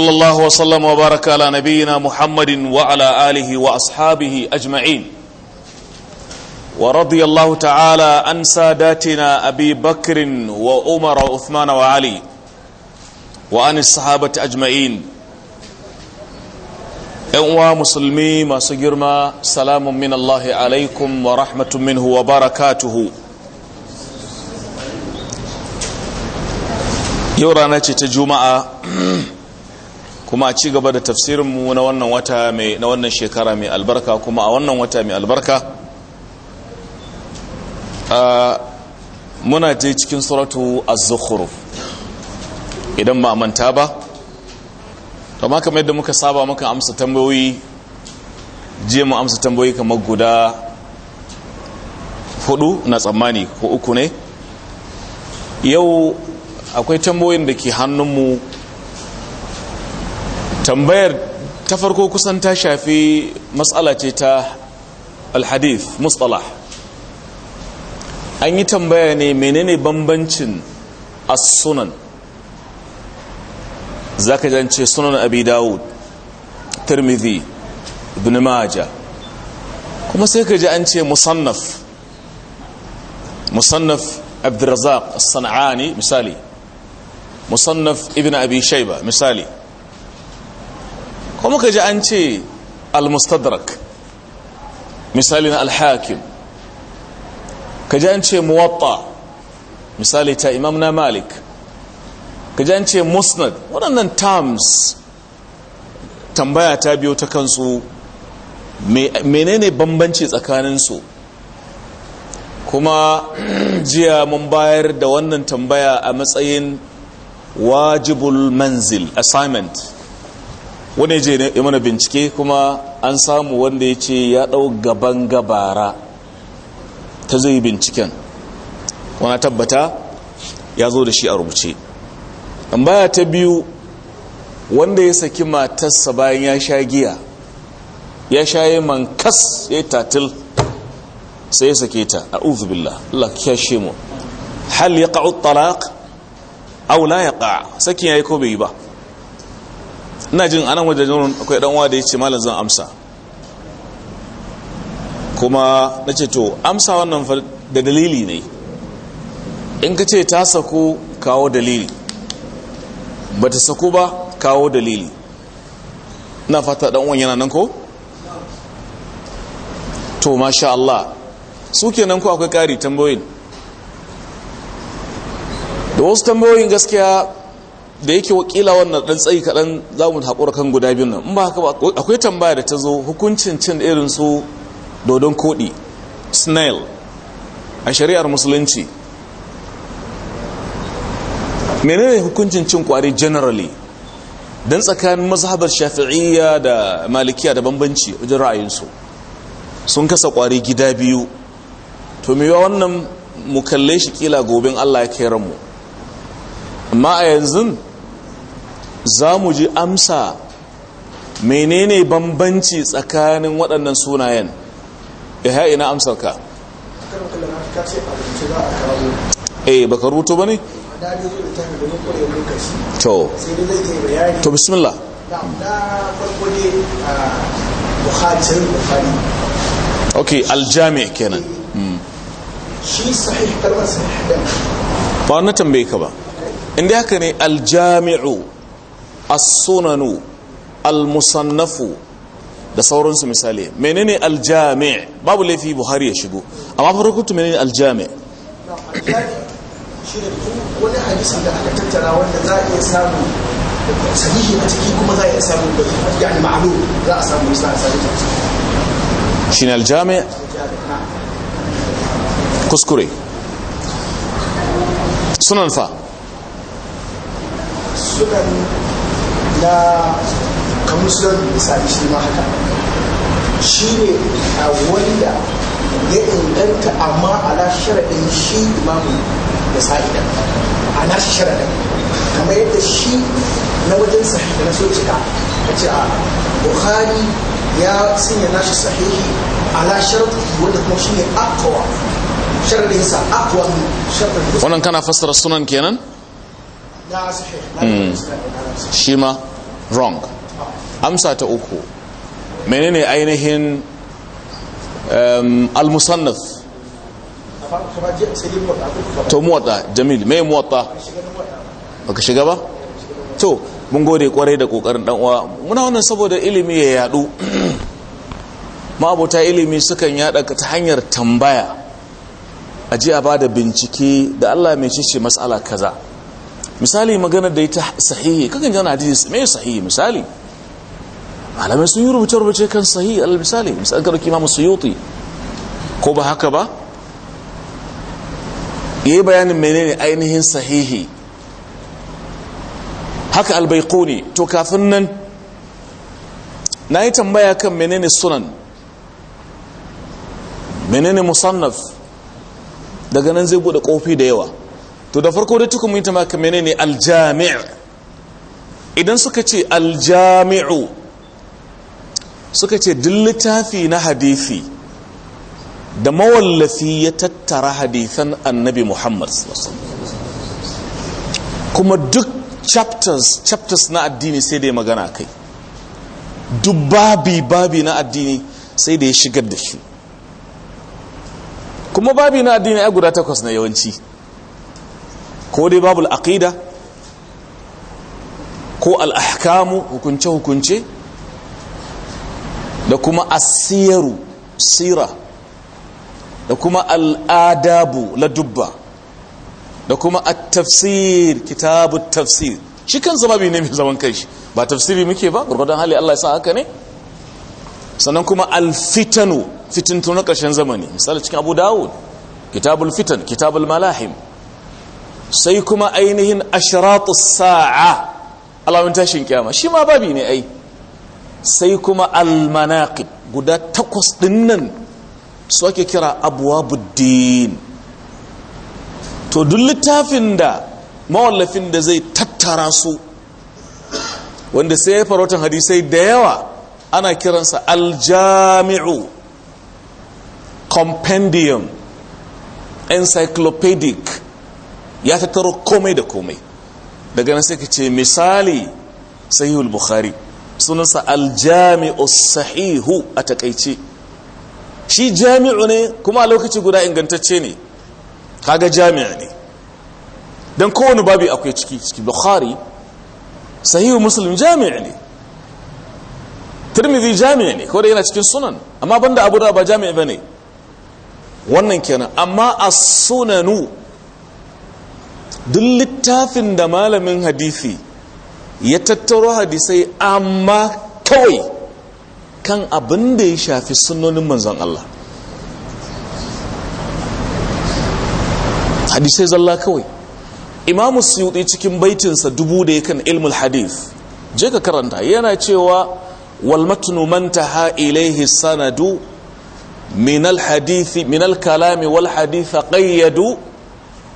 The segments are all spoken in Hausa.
صلى الله وسلم وبارك على نبينا محمد وعلى آله وأصحابه أجمعين ورضي الله تعالى عن ساداتنا أبي بكر وأمر وعثمان وعلي وعن الصحابة أجمعين أنواع مسلمي ما سجرما سلام من الله عليكم ورحمة منه وبركاته يورانا تجمع kuma a ci gaba da tafsirinmu na wannan wata mai na wannan shekara mai albarka kuma a wannan wata mai albarka muna je cikin suratu az-zukhruf idan ba manta ba to ma kamar yadda muka saba muka amsa tambayoyi je mu amsa tambayoyi kamar guda hudu na tsammani ko uku ne yau akwai tambayoyin da ke hannunmu tambayar ta farko kusan ta shafi matsala ce ta alhadith mustalah an yi tambaya ne menene bambancin as-sunan zaka jance sunan abi dawud tirmidhi ibn majah kuma sai ka ji an ce musannaf musannaf abdurrazzaq as-sanani misali musannaf ibn abi shayba misali ba muka ji an ce al-mustadrak misali na al-hakim ka ji an ce muwatta misali ta imam na malik ka ji an ce musnad waɗannan terms tambaya ta biyo ta kansu menene bambanci tsakaninsu kuma jiya mun bayar da wannan tambaya a matsayin wajibul manzil assignment wani je ne mana bincike kuma an samu wanda ya ce ya ɗau gaban gabara ta zai binciken wani tabbata ya zo da shi a rubuce baya ta biyu wanda ya saki matarsa bayan ya sha giya ya sha shaye mankas ya yi tatil sai ya sake ta a uzubillah Allah kyashe mu hal ya ƙa'u talaq aw la ka'a sakin yayi ko bai ba ina jin anan wajen akwai dan da ya ce malam zan amsa kuma na ce to amsa wannan da dalili ne in ka ce ta sako kawo dalili ba ta sako ba kawo dalili na fata dan uwan yana nan ko to masha Allah su kenan ko akwai kari tambayoyin da wasu tambayoyin gaskiya da yake wakila wannan dan tsayi kaɗan za mu haƙura kan guda biyun nan in ba haka akwai tambaya da ta zo hukuncin cin irin su dodon koɗi snail a shari'ar musulunci menene hukuncin cin kwari generally dan tsakanin mazhabar shafi'iyya da malikiya da bambanci wajen ra'ayinsu sun kasa kwari gida biyu to me mewa wannan mu kalle shi kila gobin allah ya kai mu amma a yanzu za mu ji amsa menene bambanci tsakanin waɗannan sunayen ya ina amsar ka eh baka rubuto bane to to bismillah ok aljami kenan shi sahih kalmar sahih ba wani tambaye ka ba inda haka ne aljami'u as-sunanu al-musannafu da sauransu misali menene al-jami' babu laifi buhari ya shigo amma farkutu menene al-jami' shi ne wani hadisi da aka tattara wanda za a iya samu sahihi a ciki kuma za a iya samu bai yani ma'alu za a samu isa a samu shi ne aljami kuskure sunan fa sunan na kamar misali shi ma haka shi ne a wanda ya inganta amma ala sharaɗin shi imamu da sa'ida a nashi kamar yadda shi na wajen sahihi na so cika a ce a ya sanya nashi sahihi ala sharaɗi wanda kuma shi ne ne wannan kana fassara sunan kenan na sahihi na hmm. shi ma wrong amsa ta uku menene ainihin um, al-musannaf to muwata jamil mai muwata baka shiga ba to mun gode kwarai da kokarin dan uwa muna wannan saboda ilimi ya yadu ma'abota ilimi sukan yada ta hanyar tambaya aji a bada bincike da Allah mai ce mas'ala kaza misali magana da ita sahihi kakan jana hadisi mai sahihi misali malamai sun yi rubuce-rubuce kan sahihi al misali misali ka dauki musu yuti ko ba haka ba yi bayanin menene ainihin sahihi haka ne to kafin nan na yi tambaya kan menene sunan menene musannaf daga nan zai bude kofi da yawa to da farko da tukun ta maka menene aljami' idan suka ce aljami'u suka ce duk littafi na hadithi da mawallafi ya tattara hadithan annabi muhammad kuma duk chapters chapters na addini sai da ya magana kai duk babi babi na addini sai da ya shigar da shi kuma babi na addini ya guda takwas na yawanci ko dai babu al'aqida ko al'ahkamu hukunce-hukunce da kuma asiyaru sira da kuma al'adabu ladubba da kuma at-tafsir kitabu tafsir shi kan zama bai nemi zaman kai. ba tafsiri muke ba gurgudan hali Allah ya sa haka ne sannan kuma alfitanu fitintu na ƙarshen zamani misali cikin abu dawud kitabul fitan kitabul malahim sai kuma ainihin ashiratus sa'a alamun tashin kiyama shi ma babi ne ai sai kuma almanaqib guda takwas dinnan su ake kira buddin to duk littafin da mawallafin da zai tattara su wanda sai ya farautan hadisai da yawa ana kiransa aljami'u compendium encyclopedic ya tattaro komai da komai daga nan sai ka ce misali sahihul bukhari sunansa aljami'u sahihu a takaice shi jami'u ne kuma a lokaci guda ingantacce ne kaga jami'a ne don kowane babi akwai ciki ciki bukhari sahihu muslim jami'a ne tirmidhi jami'a ne kodai yana cikin sunan amma banda abu da ba jami'a ba ne wannan kenan amma as-sunanu duk littafin da malamin hadisi ya tattaro hadisai amma kawai kan abin da ya shafi sunonin manzon Allah hadisai zalla kawai imamu suyuɗi cikin baitinsa dubu da ya kan ilmul hadith je ka karanta yana cewa والمتن ha ilaihi sanadu minal من الحديث kalami wal والحديث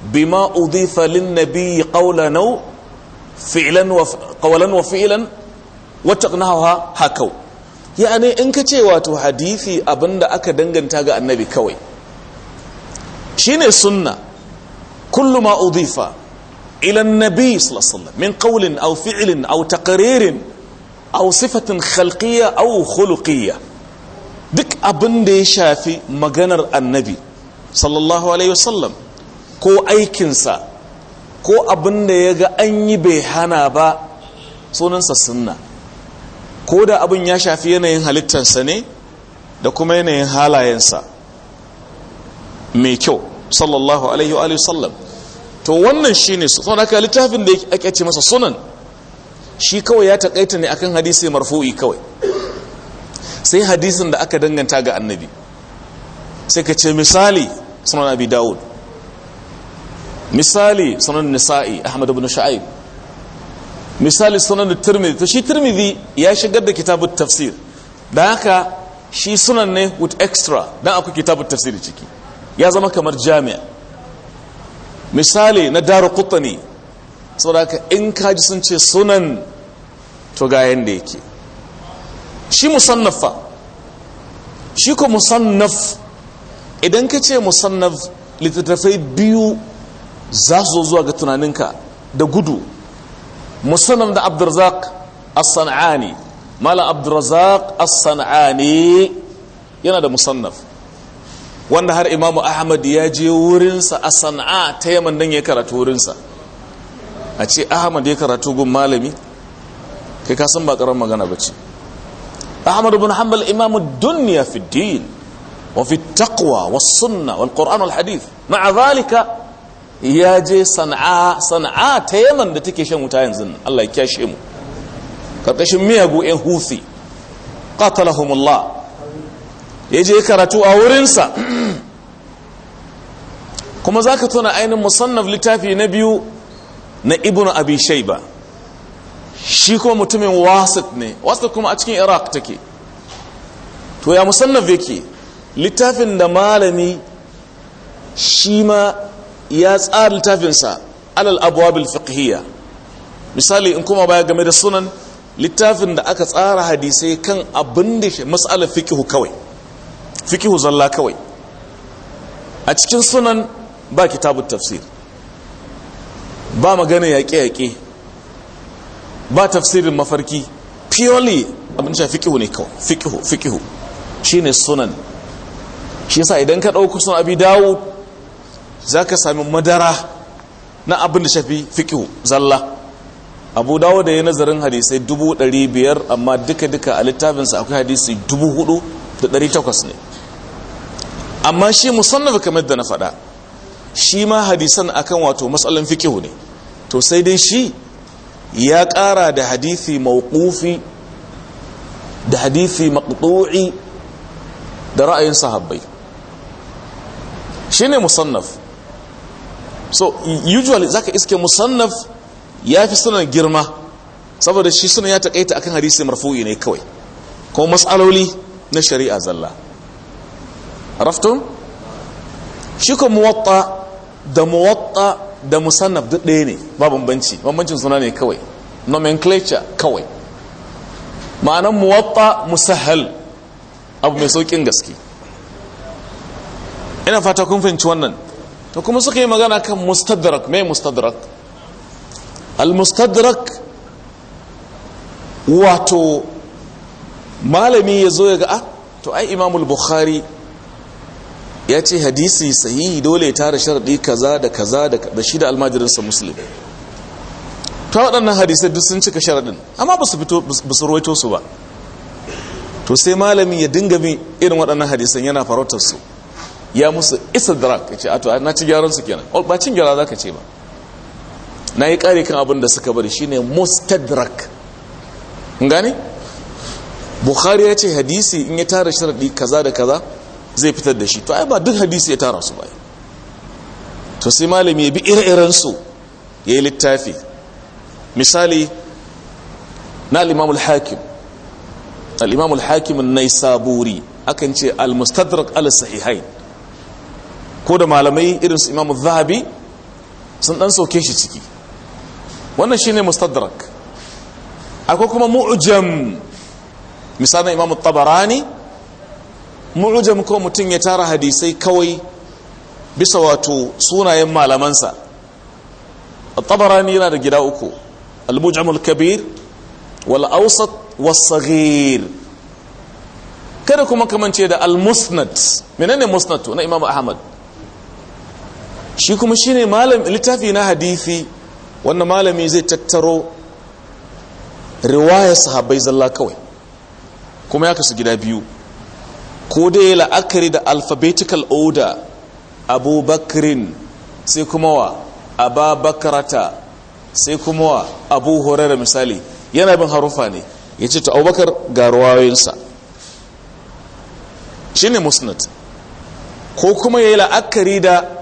بما أضيف للنبي قولا نو فعلا وف... قولا وفعلا وتقنعها هكو يعني إنك تيواتو حديثي أبند أكا دنجن تاغا النبي كوي شيني سنة كل ما أضيف إلى النبي صلى الله عليه وسلم من قول أو فعل أو تقرير أو صفة خلقية أو خلقية دك أبن دي شافي مغنر النبي صلى الله عليه وسلم ko aikinsa ko abin da ya ga an yi bai hana ba sunansa sunna ko da abin ya shafi yanayin halittarsa ne da kuma yanayin halayensa mai kyau sallallahu alaihi wa sallam to wannan shi ne su saboda littafin da ake ce masa sunan shi kawai ya takaita ne akan hadisi marfu'i kawai sai hadisin da aka danganta ga annabi sai ka ce misali sunan abi dawud misali sunan nisa'i ahmad ibn sha'ib misali sunan tirmidhi to shi tirmidhi ya shigar da kitabut tafsir da haka shi sunan ne with extra dan akwai kitabut tafsir ciki ya zama kamar jami'a misali na daru qutni saboda haka in ka sun ce sunan to ga yanda yake shi musannafa shi ko musannaf idan ka ce musannaf littattafai biyu za su zo zuwa ga tunaninka da gudu musulun da abdurazak as-san'ani mala abdurazak as-san'ani yana da musannaf wanda har imamu ahmad ya je wurinsa a sana'a ta yaman nan ya karatu wurinsa a ce ahmad ya karatu gun malami kai kasan ba magana ba ce ahmad ibn hanbal imamu duniya fi din wa fi taqwa wa sunna wal qur'an wal hadith ma'a zalika ya je sana'a sana'a ta yaman da take shan wuta yanzu Allah ya kyashe mu karkashin miyagu yan hufi qatalahumullah ya je karatu a wurinsa kuma zaka tuna ainihin musannaf littafi na biyu na ibnu abi shayba shi kuma mutumin wasit ne wasit kuma a cikin iraq take to ya musannaf yake littafin da malami shi ma ya tsara littafinsa alal abwabil fiqhiyya misali in kuma baya game da sunan littafin da aka tsara hadisai kan abin da mas'alar fiqhu kawai fiqhu zalla kawai a cikin sunan ba kitabun tafsir ba magana yaƙe-yaƙe ba tafsirin mafarki purely abin da fiqhu ne kawai fiqhu fiqhu shine sunan shi yasa idan ka dauko sunan abi dawud za ka sami madara na abin da shafi fikihu zalla abu dawo da ya nazarin hadisai dubu ɗari biyar amma duka-duka a littafinsa akwai hadisi dubu hudu da ɗari takwas ne amma shi musannaf kamar da na faɗa shi ma hadisan akan wato matsalan fikihu ne to sai dai shi ya ƙara da hadisi mawqufi da hadisi maqtu'i da ra'ayin sahabbai ne musannaf so usually zaka iske musannaf ya fi sunan girma saboda shi suna ya takaita akan hadisi marfu'i ne kawai ko matsaloli na shari'a zalla raftun shi ko muwatta da muwatta da musannaf duk ɗaya ne ba bambanci bambancin suna ne kawai nomenclature kawai ma'anan muwatta musahal abu mai saukin gaske ina fata kun fahimci wannan to kuma suka yi magana kan mustadrak mai mustadrak al-mustadrak wato malami ya zo ya ga ah to ai imamul bukhari ya ce hadisi sahihi dole ya tara sharaɗi kaza da kaza da shi da almajirinsa muslim ta waɗannan hadisai duk sun cika sharaɗin amma ba su fito ba su ruwaito su ba to sai malami ya dinga bin irin waɗannan hadisan yana farautar su ya musu istidrak yace ato na ci gyaran su kenan ba cin gyara ka ce ba na yi kare kan abin da suka bari shine mustadrak gane bukhari ya ce hadisi in ya tara sharadi kaza da kaza zai fitar da shi to ai ba duk hadisi ya tara su ba to sai malami ya bi ire-iren su ya yi littafi misali na al-imam al-hakim al-imam al-hakim an-naisaburi akan ce al-mustadrak al-sahihain ko da malamai irin su imamu zahabi sun dan sauke shi ciki wannan shine mustadrak akwai kuma mu'jam misalin imamu tabarani mu'jam ko mutum ya tara hadisai kawai bisa wato sunayen malamansa tabarani yana da gida uku al-mujam al-kabir wal awsat was saghir kada kuma kamance da al-musnad menene musnad na imamu ahmad shi kuma shi ne littafi na hadisi wannan malami zai tattaro riwayar sahabbai zalla kawai kuma ya kasu gida biyu ko da dai la'akari da alphabetical order abubakrin sai kuma wa ababakarata sai kuma wa abu horara misali yana bin harufa ne ya ce ta abubakar ga ruwayoyinsa shi ne musnad ko kuma ya yi la'akari da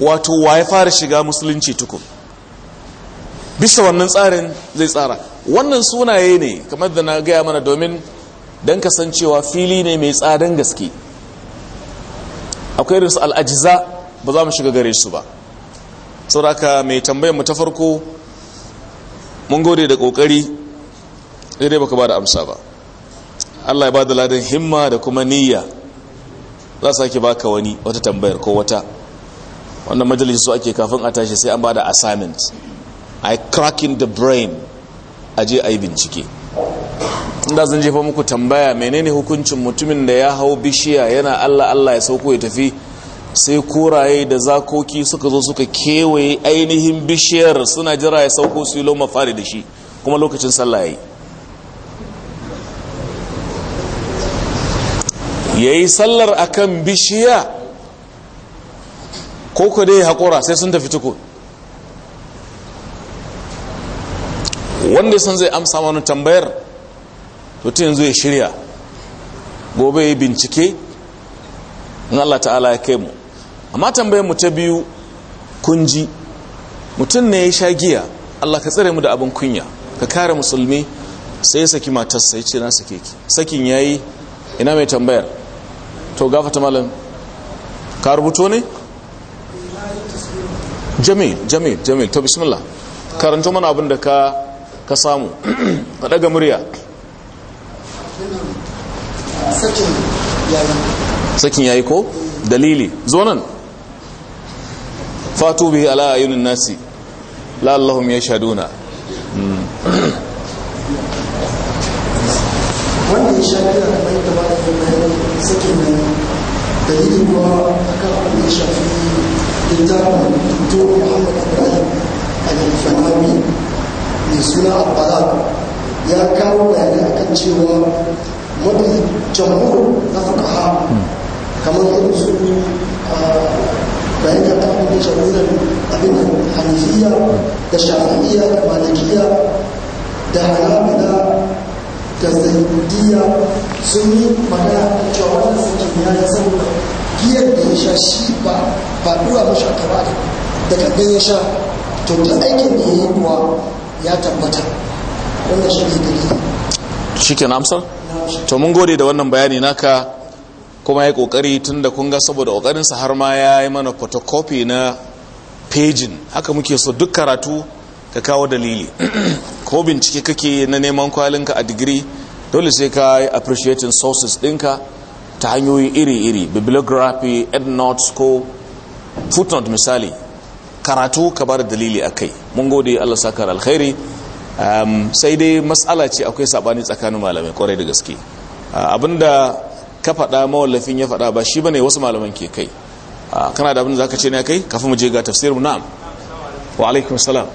wato wa ya fara shiga musulunci tukun bisa wannan tsarin zai tsara wannan sunaye ne kamar da na gaya mana domin don kasancewa fili ne mai tsadan gaske akwai irinsu al'ajiza ba za mu shiga gare su ba sauraka mai tambayar mu ta farko mun gode da kokari dai baka ba da amsa ba Allah ya ba da ladan himma da kuma niyya za su sake baka wani wata tambayar ko wata wannan majalisi su ake kafin a tashi sai an bada assignment i cracking the brain aje yi bincike inda zan jefa muku tambaya menene hukuncin mutumin da ya hau bishiya yana Allah Allah ya sauko ya tafi sai koraye da zakoki suka zo suka kewaye ainihin bishiyar suna jira ya sauko su yi loma fari da shi kuma lokacin sallah ya yi sallar akan bishiya ko ku dai haƙura sai sun tafi tuku wanda sun zai amsa wani tambayar to ta yanzu ya shirya gobe ya bincike in Allah ta'ala ya kai mu amma tambayar mu ta biyu kunji mutum ne ya sha giya Allah ka tsare mu da abin kunya ka kare musulmi sai ya saki matar sai ce na sake ki sakin yayi ina mai tambayar to gafata malam ka rubuto ne jamil jamil jamil to bismillah karanto mana abinda da ka ka samu ka daga murya sakin yayi ko dalili zo nan fatu bihi ala ayunin nasi la allahum yashaduna wannan ya shafi da kamar yadda da yi sakin nan dalilin kuma abin da ya shafi الدكتور محمد إبراهيم الفناوي mai suna abbalak ya kawo bayani a kan cewa mafi jamhur na fukaha kamar irin su bayan ka tafi da jamhurar abin da hanifiya da shafi'iya da malikiya da hanabila da zaidiya sun yi magana da cewa wannan suke ya saboda giyar da ya sha shi ba ba dura mashi a kaba da gangan ya sha to duk aikin da ya yi kuwa ya tabbata wannan shi ne dalili shi ke amsar to mun gode da wannan bayani naka kuma ya kokari tun da kun ga saboda sa har ma ya yi mana photocopy na pejin haka muke so duk karatu ka kawo dalili ko bincike kake na neman kwalinka a digiri dole sai ka yi appreciating sources ɗinka ta hanyoyi iri-iri bibliography ednotes ko footnote misali karatu ka da dalili akai mun gode Allah saka alkhairi sai dai matsala ce akwai sabani tsakanin malamai kwarai da gaske abinda ka faɗa mawallafin ya faɗa ba shi ba ne wasu malaman ke kai kana da abin da zaka ce ne kai kafin mu je ga tafsir mu na'am wa alaikum salam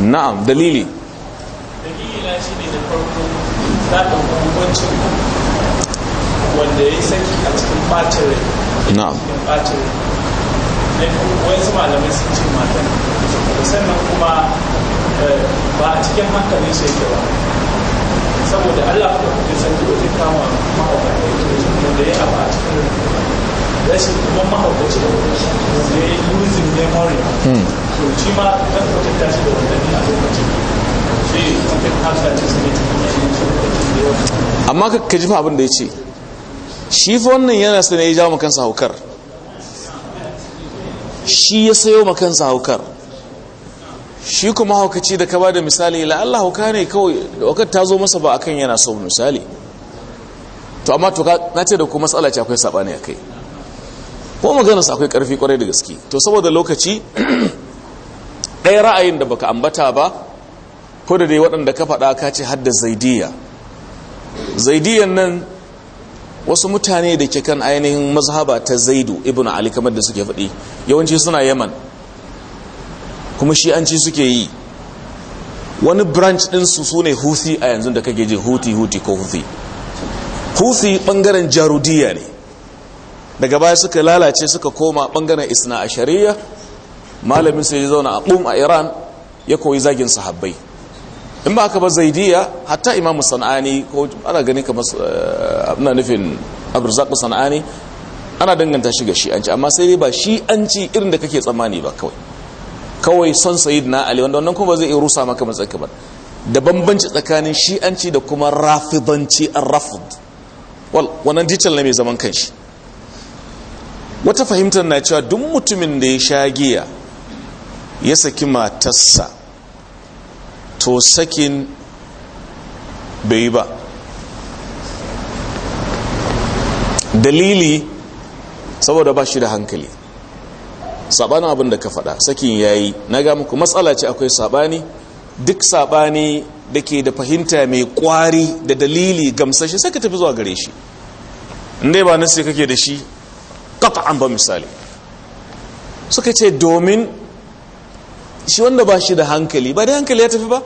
na'am dalili dalili shi ne da farko za ka wanda ya saki a cikin bacin na'am cikin rai wasu malamai sun ce matan sannan kuma eh, ba a cikin hankali su yake ba saboda allah ko kuke san duk wajen kama mahaukata yake wajen da ya ba a cikin rashin kuma mahaukaci da ya yi losing memory hmm. to shi ma kan ta tashi da wannan a lokacin amma ka jifa abin da ya ce shi fa wannan yana sanayi jawo kansa haukar shi ya sayo ma haukar shi kuma haukaci da ka ba da misali la Allah hauka ne kawai da wakar ta zo masa ba a kan yana so misali to amma to na ce da kuma matsala ce akwai sabani akai ko maganar akwai karfi kwarai da gaske to saboda lokaci ɗaya ra'ayin da baka ambata ba ko da dai waɗanda ka faɗa ka ce hadda zaidiyya zaidiyan nan wasu mutane da ke kan ainihin mazhaba ta zaidu ibn ali kamar da suke faɗi yawanci suna yaman kuma shi'anci suke yi wani branch ɗin su sune huthi a yanzu da kake ji huti huti ko huthi huthi ɓangaren jarudiya ne daga baya suka lalace suka koma ɓangaren isna a shari'a malamin sai ya zauna a ɓum a iran ya koyi zagin sahabbai in ba ka ba zaidiya hatta imamu sana'ani ko ana gani kamar eh, ana nufin abdurzaku sana'ani ana danganta shi ga shi'anci amma sai dai ba shi'anci irin da kake tsammani ba kawai kawai son sayid na ali wanda wannan kuma ba zai iya rusa maka matsaka ba da bambanci tsakanin shi'anci da kuma rafidanci an rafid wal wannan detail na mai zaman kanshi wata fahimtar na cewa duk mutumin da ya sha giya ya saki matarsa to sakin bai ba dalili saboda ba shi da hankali sabanin abin da ka faɗa sakin ya yi na ga muku matsala ce akwai saɓani duk saɓani da ke da fahimta mai kwari da dalili gamsashe sai ka tafi zuwa gare shi inda ba nasi kake da shi kafa an ba misali suka ce domin shi wanda ba shi da hankali ba dai hankali ya tafi ba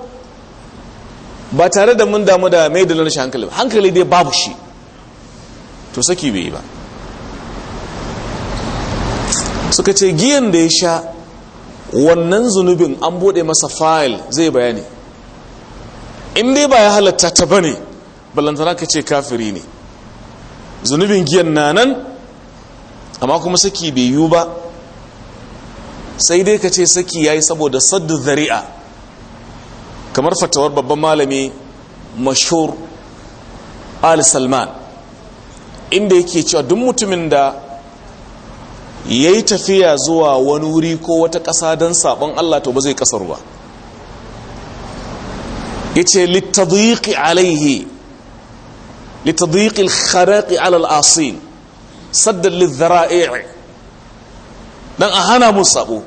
ba tare da mun damu da mai da shi hankali ba hankali dai babu shi to saki bai yi ba suka ce giyan da ya sha wannan zunubin an bude masa fayil zai bayani in dai ba ya halatta ta bane balantana ka ce kafiri ne zunubin giyan na nan amma kuma saki bai yiwu ba sai dai ka ce saki yi saboda saddu zari'a kamar fatawar babban malami mashur al salman inda yake cewa duk mutumin da ya yi tafiya zuwa wani wuri ko wata ƙasa don saɓon allah to ba zai ƙasar ba ya ce littadiki alaihi littadiki alkharaki alal'asil saddallin zara'i'i dan a hana mu sabo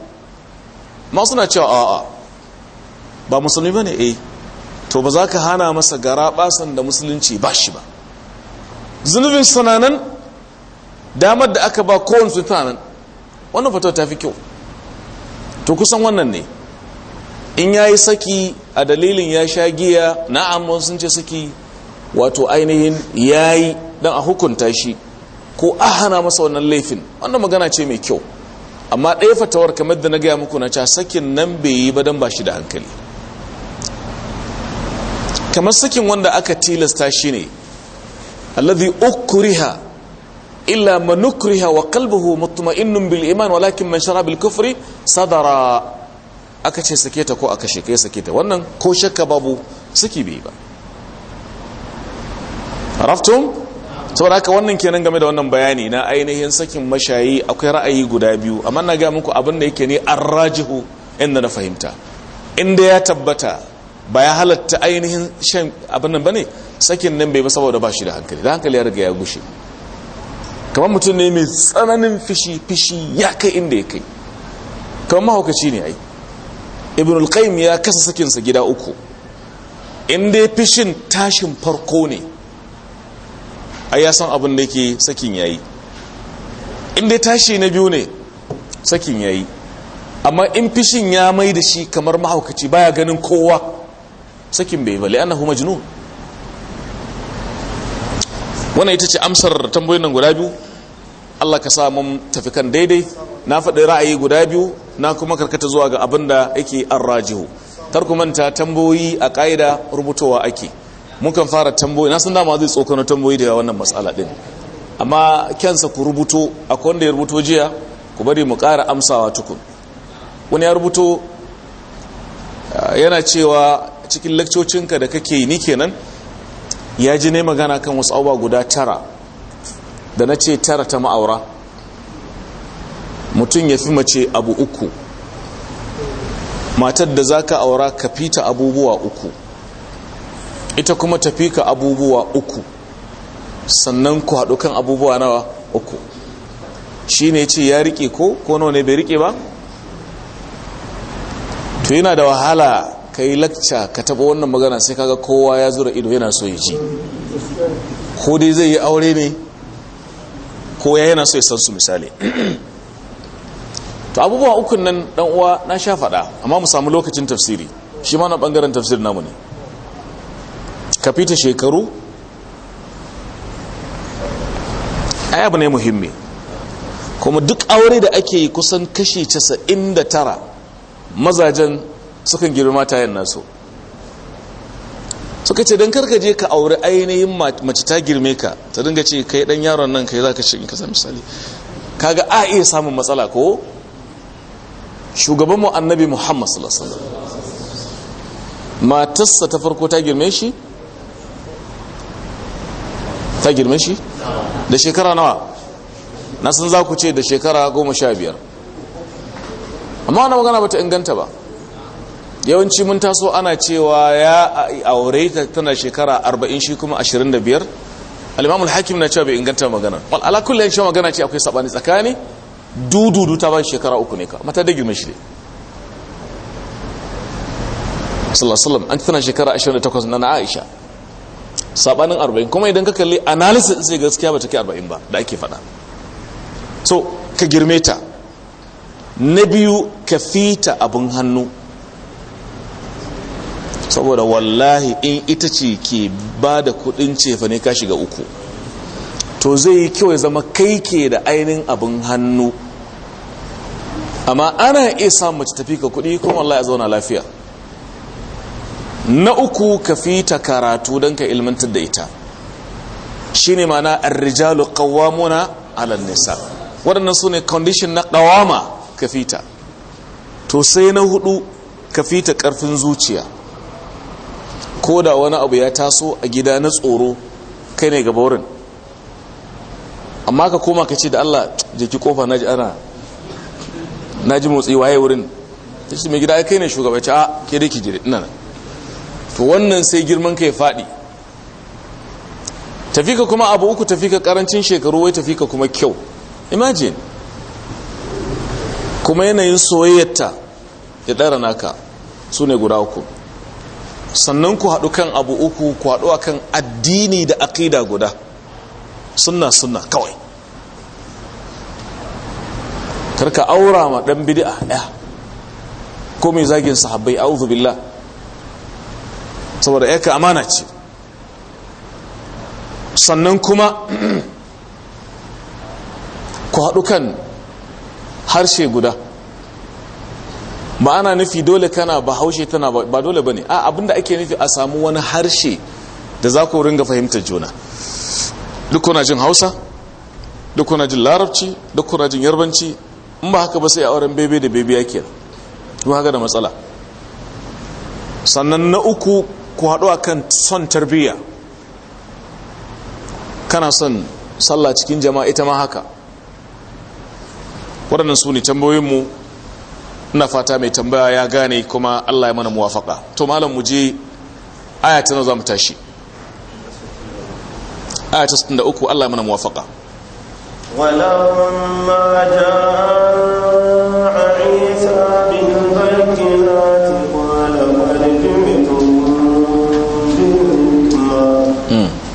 ma suna cewa a'a ba musulmi bane eh to ba za ka hana masa gara basan da musulunci ba shi ba zunubin sananan damar da aka ba kowane su nan wannan fatawa ta fi kyau to kusan wannan ne in ya yi saki a dalilin ya sha giya na wasu sun ce saki wato ainihin yayi dan a hukunta shi ko a hana masa wannan laifin wannan magana ce mai kyau amma ɗaya fatawar kamar da na gaya muku na ca sakin nan bai yi ba don ba shi da hankali kamar sakin wanda aka tilasta shi ne alladhi ukriha illa man ukriha wa qalbuhu mutma'innun bil iman walakin man shara bil kufri sadara aka ce sake ta ko aka shake sake ta wannan ko shakka babu saki bai ba araftum saboda haka wannan kenan game da wannan bayani na ainihin sakin mashayi akwai ra'ayi guda biyu amma na ga muku abin da yake ne arrajihu inda na fahimta inda ya tabbata ba ya halatta ainihin shan abin nan bane sakin nan bai ba saboda ba shi da hankali da hankali ya riga ya gushe kamar mutum ne mai tsananin fishi fishi ya kai inda ya kai kamar mahaukaci ne ai ibn al ya kasa sakin sa gida uku inda fishin tashin farko ne ai ya san abin da yake sakin yayi in dai tashi na biyu ne sakin yayi amma in fishin ya mai da shi kamar mahaukaci baya ganin kowa sakin bai bale annahu majnun wannan ita ce amsar tambayoyin nan guda biyu Allah ka sa mun tafi kan daidai na faɗi ra'ayi guda biyu na kuma karkata zuwa ga abin da yake arrajihu karku manta tambayoyi a ka'ida rubutowa ake mukan fara tamboyi na san dama zai tsokano tamboyi da wannan matsala din amma kyansa ku rubuto akwai wanda ya rubuto jiya ku bari mu ƙara amsawa tukun wani ya rubuto yana cewa cikin lakcocinka da kake yi ni kenan ya ji ne magana kan wasu abubuwa guda tara da na ce tara ta ma'aura mutum ya fi mace abu uku matar da za ka aura ka fita abubuwa uku ita kuma tafi ka abubuwa uku sannan ku haɗu kan abubuwa nawa uku shi ne ce ya riƙe ko ko nawa ne bai riƙe ba to yana da wahala ka yi lakca ka taɓa wannan magana sai kaga kowa ya zura ido yana so ya ji ko dai zai yi aure ne ko ya yana so ya san su misali to abubuwa ukun nan dan na sha faɗa amma mu samu lokacin tafsiri shi ma na ɓangaren tafsir namu ne ka fita shekaru ai abu ne muhimmi kuma duk aure da ake yi kusan kashi 99 mazajen sukan girma tayan nasu suka ce don karkaje je ka aure ainihin mace ta girme ka ta dinga ce kai dan yaron nan kai za ka shirin kasa misali kaga a iya samun matsala ko shugaban mu annabi muhammad sallallahu alaihi wasallam matarsa ta farko ta girme shi ta girme shi da shekara nawa na san za ku ce da shekara goma sha biyar amma wani magana ba ta inganta ba yawanci mun taso ana cewa ya aure ta tana shekara arba'in shi kuma ashirin da biyar alimamul hakim na cewa bai inganta magana wal ala kullum shi magana ce akwai sabani tsakani dududu ta ba shekara uku ne ka mata da girme shi ne sallallahu alaihi wasallam an tana shekara 28 na Aisha sabanin arba'in kuma idan ka kalli analysis sai gaskiya ba ta kai 40 ba da ake faɗa so ka girme ta na biyu ka fita abin hannu saboda wallahi in ita ce ke ba da kudin cefa ne ka shiga uku to zai yi kyau ya zama kai ke da ainihin abin hannu amma ana iya samun mace tafi ka kudi kuma wallahi a zauna lafiya na uku ka fita karatu don ka ilmantar da ita shine mana ar-rijalu qawwamuna 'ala nisa waɗannan su ne condition na kawama ka fita to sai na hudu ka fita karfin zuciya ko da wani abu ya taso a gida na tsoro kai ne gaba wurin amma ka koma ka ce da Allah jiki kofa ji ana ji motsi waye wurin ta ce mai gida kai ne shugaba ce a ke ki ina nan to wannan sai girman ka ya faɗi tafika ka kuma abu uku tafika ka karancin shekaru wai tafika ka kuma kyau imagine kuma yanayin soyayyarta ya ɗara naka su ne guda uku sannan ku haɗu kan abu uku ku haɗu kan addini da aƙida guda sunna sunna kawai karka aura ma ɗan a ɗaya ko mai zagin sahabbai a'udhu billah saboda yaka amana ce sannan kuma ku haɗu kan harshe guda ma'ana nufi dole kana ba haushe tana ba dole ba ne abinda ake nufi a samu wani harshe da za ku ringa fahimtar juna duk kuna jin hausa duk kuna jin larabci duk kuna jin yarbanci in ba haka ba sai auren bebe da bebe yake ba haka da matsala sannan na uku ku haɗu kan son tarbiyya kana son sallah cikin jama'a ita ma haka waɗannan su ne tambayoyinmu ina fata mai tambaya ya gane kuma allah ya mana muwafaka to malam mu je ayata na za mu tashi ayata 63 allah ya mana muwafaka ولما جاءوا 嗯。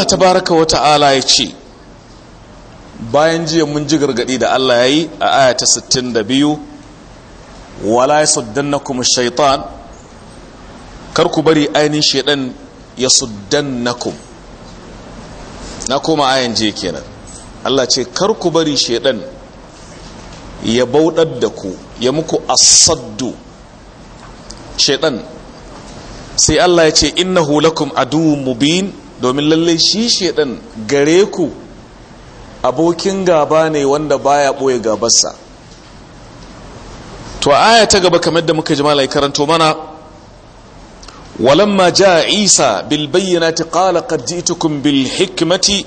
Allah tabaraka wa ta'ala ya ce bayan jiya mun ji gargadi da Allah ya yi a aya ta 62 wala yasuddannakum ash-shaytan kar ku bari ainin shaytan yasuddannakum na koma ayan jiya kenan Allah ce kar ku bari shaytan ya bauɗar da ku ya muku asaddu shaytan sai Allah ya ce innahu lakum aduwwun mubin domin lallai shi shedan gare ku abokin gaba ne wanda baya ɓoye gabarsa to aya ta gaba kamar da muka ji malai karanto mana walamma ja'a isa bil bayyinati qala qad ji'tukum bil hikmati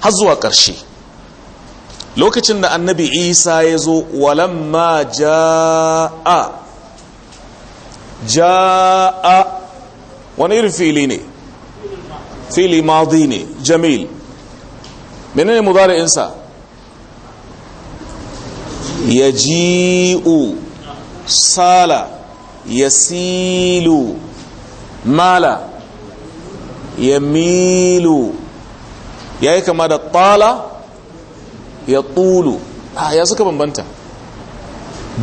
har zuwa ƙarshe lokacin da annabi isa ya zo walamma ja'a ja'a wani irin fili ne fili madi ne jamil menene mudari'insa ya ji'u sala ya silu mala ya milu ya yi kama da tala ya tulu ya suka bambanta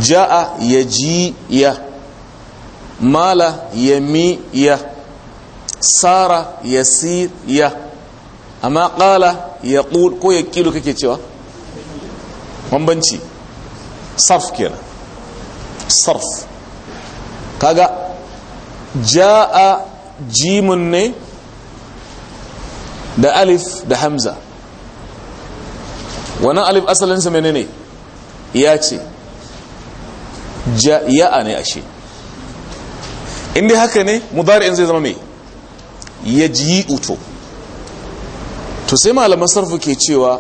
ja'a ya ji ya mala ya mi ya sara yasir ya amma qala yaqul ko yaqilu kake cewa bambanci sarf kenan sarf kaga jaa jimun ne da alif da hamza wannan alif asalinsa menene ya ce ya'a ne ashe inda haka ne mudari'in zai zama mai ya ji uto to sai malaman sarfu ke cewa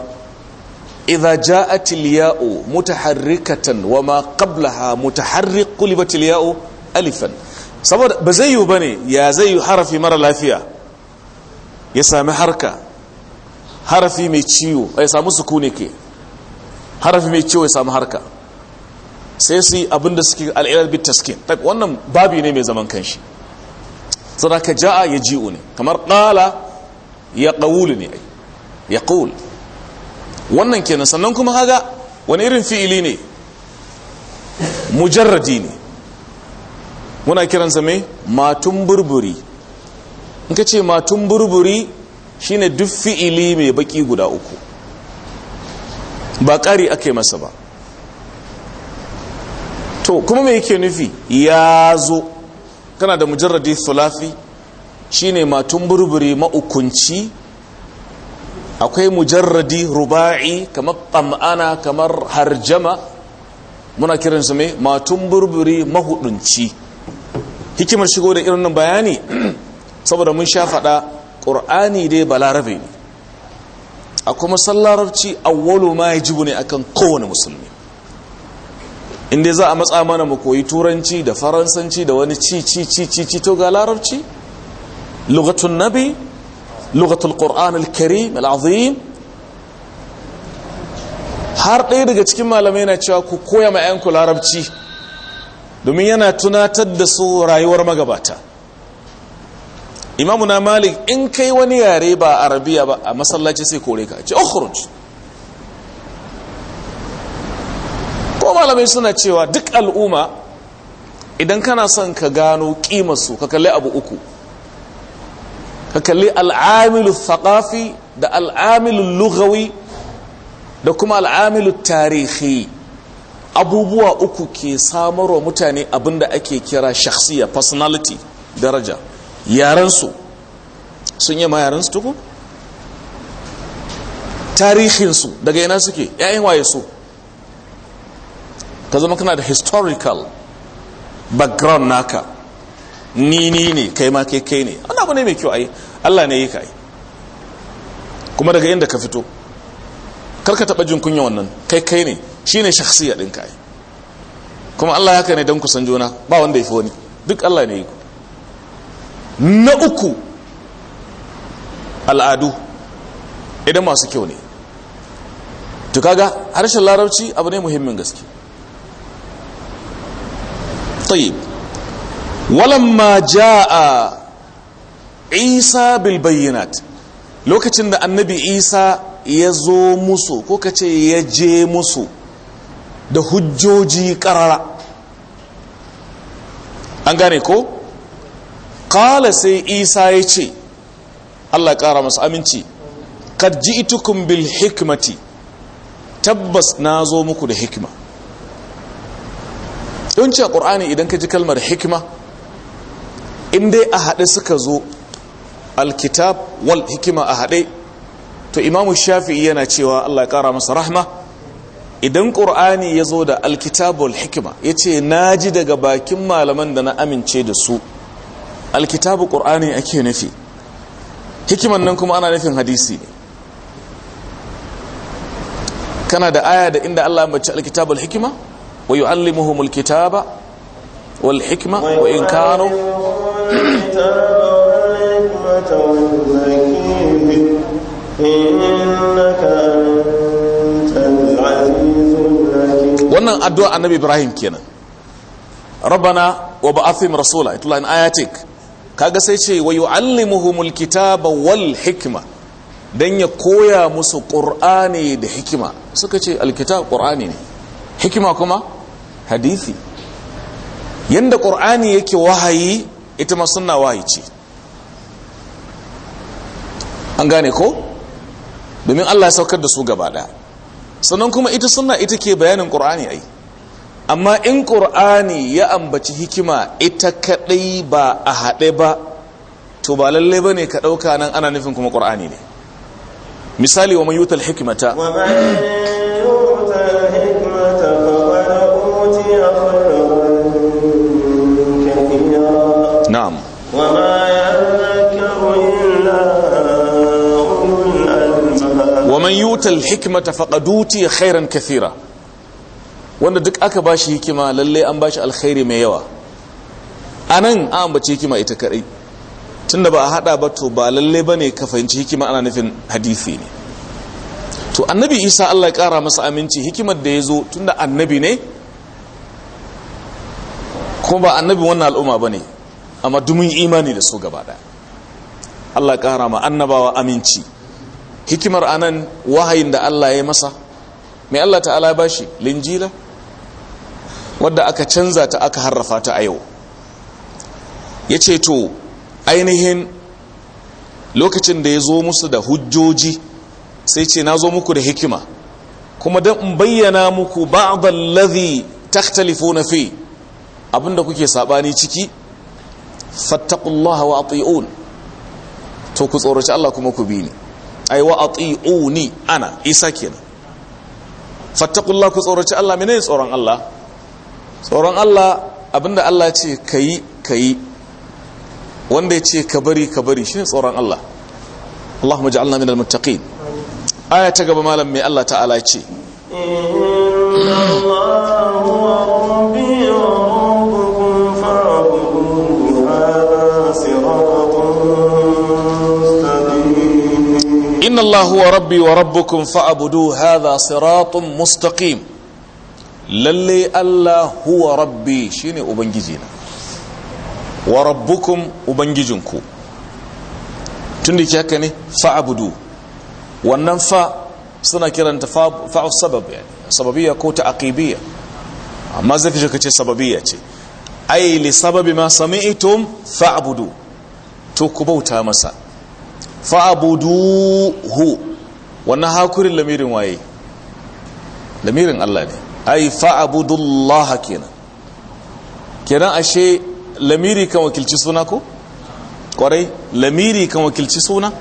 idha ja'at al-ya'u mutaharrikatan wa ma qablaha mutaharrik qulibat al-ya'u alifan saboda ba zai yi bane ya zai yi harafi mara lafiya ya sami harka harafi mai ciwo ya samu sukuni ke harafi mai ciwo ya samu harka sai su yi abinda suke al'ilal bit taskin wannan babu ne mai zaman kanshi ka ja'a ya ne kamar ƙala ya ƙawulu ne ya ƙawul wannan kenan sannan kuma haga wani irin fi'ili ne mujarradi ne muna kiransa me matun burburi in ka ce matun burburi shine duk fi'ili mai baki guda uku ba ƙari aka yi masa ba to kuma me yake nufi ya zo kana da mujarradi shi shine matun burburi maukunci akwai mujarradi ruba'i kamar tsam'ana kamar harjama muna su mai matun burburi mahudunci hikimar shigo da irin bayani saboda mun sha faɗa ƙur'ani dai balarabe ne a kuma sallararci awwalu ma ya jibu ne akan kowane musulmi in dai za a matsa mana mu koyi turanci da faransanci da wani ci ci ci ci ci to ga larabci lugatun nabi lugatul qur'an al-karim al-azim har ɗaya daga cikin malamai na cewa ku koya ma 'yanku larabci domin yana tunatar da su rayuwar magabata imamu na malik in kai wani yare ba arabiya ba a masallaci sai kore ka ce ukhruj ko malamai suna cewa duk al'umma idan kana son ka gano kimarsu ka kalli abu uku ka kalli al'amilu thaqafi da al'amilu lughawi da kuma al'amilu tarihi abubuwa uku ke samarwa mutane abinda ake kira shakhsiya personality daraja yarensu sun yi ma yarensu tuku tarihinsu daga ina suke ‘ya'yan waye su ta zama kana da historical background naka ni ni ne kai ma kai kai ne Allah ne mai kyau ai Allah ne yi ka kuma daga inda ka fito kar ka taba jin kunya wannan kai kai ne shine shakhsiyya din ka kuma Allah haka ne dan ku san juna ba wanda ya wani duk Allah ne yi na uku al'adu idan masu kyau ne to kaga harshen larabci abu ne muhimmin gaske tayyib walamma a isa bil bayyinat lokacin da annabi isa ya zo musu ko kace ya je musu da hujjoji karara an gane ko kala sai isa ya ce allah kara masu aminci kad tukun bil hikmati tabbas na zo muku da hikima yawanci a ƙur'ani idan ka ji kalmar hikima in dai a haɗe suka zo alkitab wal hikima a haɗe to imamu shafi'i yana cewa allah ya ƙara masa rahma idan ƙur'ani ya zo da alkitab wal hikima ya ce na ji daga bakin malaman da na amince da su alkitabu ƙur'ani ake nufi hikiman nan kuma ana nufin hadisi ne kana da aya da inda allah ya mace wal hikima ويعلمهم الكتاب والحكمة وإن كانوا wannan addu'a annabi Ibrahim kenan rabbana wa ba'athim rasula itla in ayatik kaga sai ce wa yu'allimuhumul kitaba wal hikma dan ya koya musu qur'ani da hikima suka ce alkitab qur'ani ne hikima kuma hadisi yanda ƙur'ani yake wahayi ita ma sunna wahayi ce an gane ko domin Allah ya saukar da su gaba ɗaya sannan kuma ita sunna ita ke bayanin ƙur'ani ai amma in ƙur'ani ya ambaci hikima ita kaɗai ba a haɗe ba to ba lallai bane ka ɗauka nan ana nufin kuma ƙur'ani ne misali wa mayutar hikimata utal hikmata faqaduti khairan kathira wanda duk aka bashi hikima lalle an bashi alkhairi mai yawa anan an ambaci hikima ita kadai tunda ba a hada ba to ba lalle bane ka fahimci hikima ana nufin hadisi ne to annabi isa Allah ya kara masa aminci hikimar da ya zo tunda annabi ne kuma ba annabi wannan al'umma bane amma dumin imani da su gaba daya Allah ya kara ma annabawa aminci hikimar anan wahayin da Allah ya masa mai Allah ta'ala ba shi linjila wadda aka canza ta aka harrafa ta a yau ya ce to ainihin lokacin da ya zo musu da hujjoji sai ce na zo muku da hikima kuma don in bayyana muku ba'adal ladhi na fi abinda kuke sabani ciki fattaqullaha wa ati'un to ku tsoraci Allah kuma ku bi ni ai wa ati'uni ana isa kenan fattakullah ku tsoraci Allah menene tsoron Allah tsoron Allah abinda Allah ya ce kayi kayi wanda ya ce ka bari ka bari shine tsoron Allah Allahumma ij'alna minal muttaqin aya ta gaba malam mai Allah ta'ala ce inna rabbi wa rabbukum fa'budu hadha siratun mustaqim lalle Allah huwa rabbi shine ubangiji na wa rabbukum ubangijinku tunda haka ne wannan fa suna kiranta fa'u sabab sababiyya ko ta'qibiyya amma zaka je kace sababiyya ce ai li sababi ma sami'tum fa'budu to ku bauta masa fa'abuduhu wannan hakurin lamirin waye lamirin Allah ne ai fa'abudullah kenan kenan ashe lamiri kan wakilci suna ko kwarai lamiri kan wakilci suna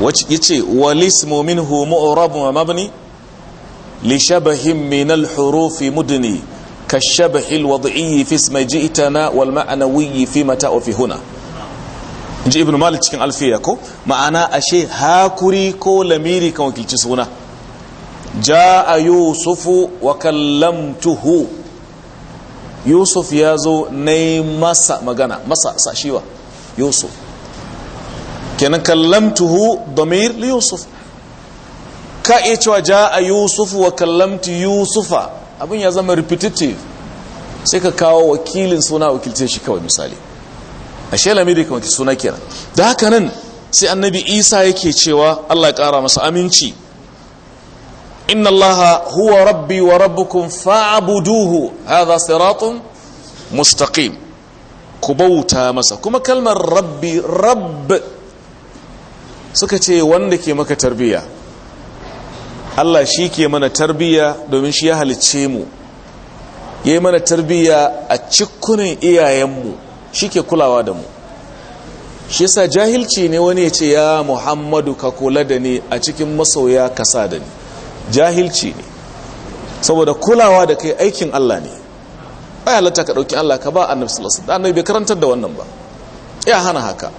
wacce walis walismu minhu mu'rabun wa mabni li shabahin minal hurufi huruf ka كالشبح الوضعي في اسم جئتنا والمعنوي في متى وفي هنا inji ibn malik cikin alfiya ko ma'ana ashe hakuri ko lamiri kan wakilci suna ja a yusufu wa kallamtuhu yusuf ya zo na masa magana masa sashiwa yusuf kenan kallamtuhu domin li yusuf ka iya cewa ja a yusufu wa kallamtu yusufa abin ya zama repetitive sai ka kawo wakilin suna wakilce shi kawai misali ashe lamiri kamar suna kenan da haka nan sai annabi isa yake cewa allah ya kara masa aminci inna allaha huwa rabbi wa rabbukum fa'buduhu hadha siratun mustaqim ku bauta masa kuma kalmar rabbi rabb suka ce wanda ke maka tarbiya Allah shi ke mana tarbiya domin shi ya halicce mu ya yi mana tarbiya a cikunin iyayenmu shi ke kulawa da mu shi yasa jahilci ne wani ya ce ya muhammadu ka kula da ni a cikin masoya ka sa da ni jahilci ne saboda kulawa da kai aikin allah ne ai halatta ka ɗauki allah ka ba annabi sallallahu alaihi annabi bai karantar da wannan ba ya hana haka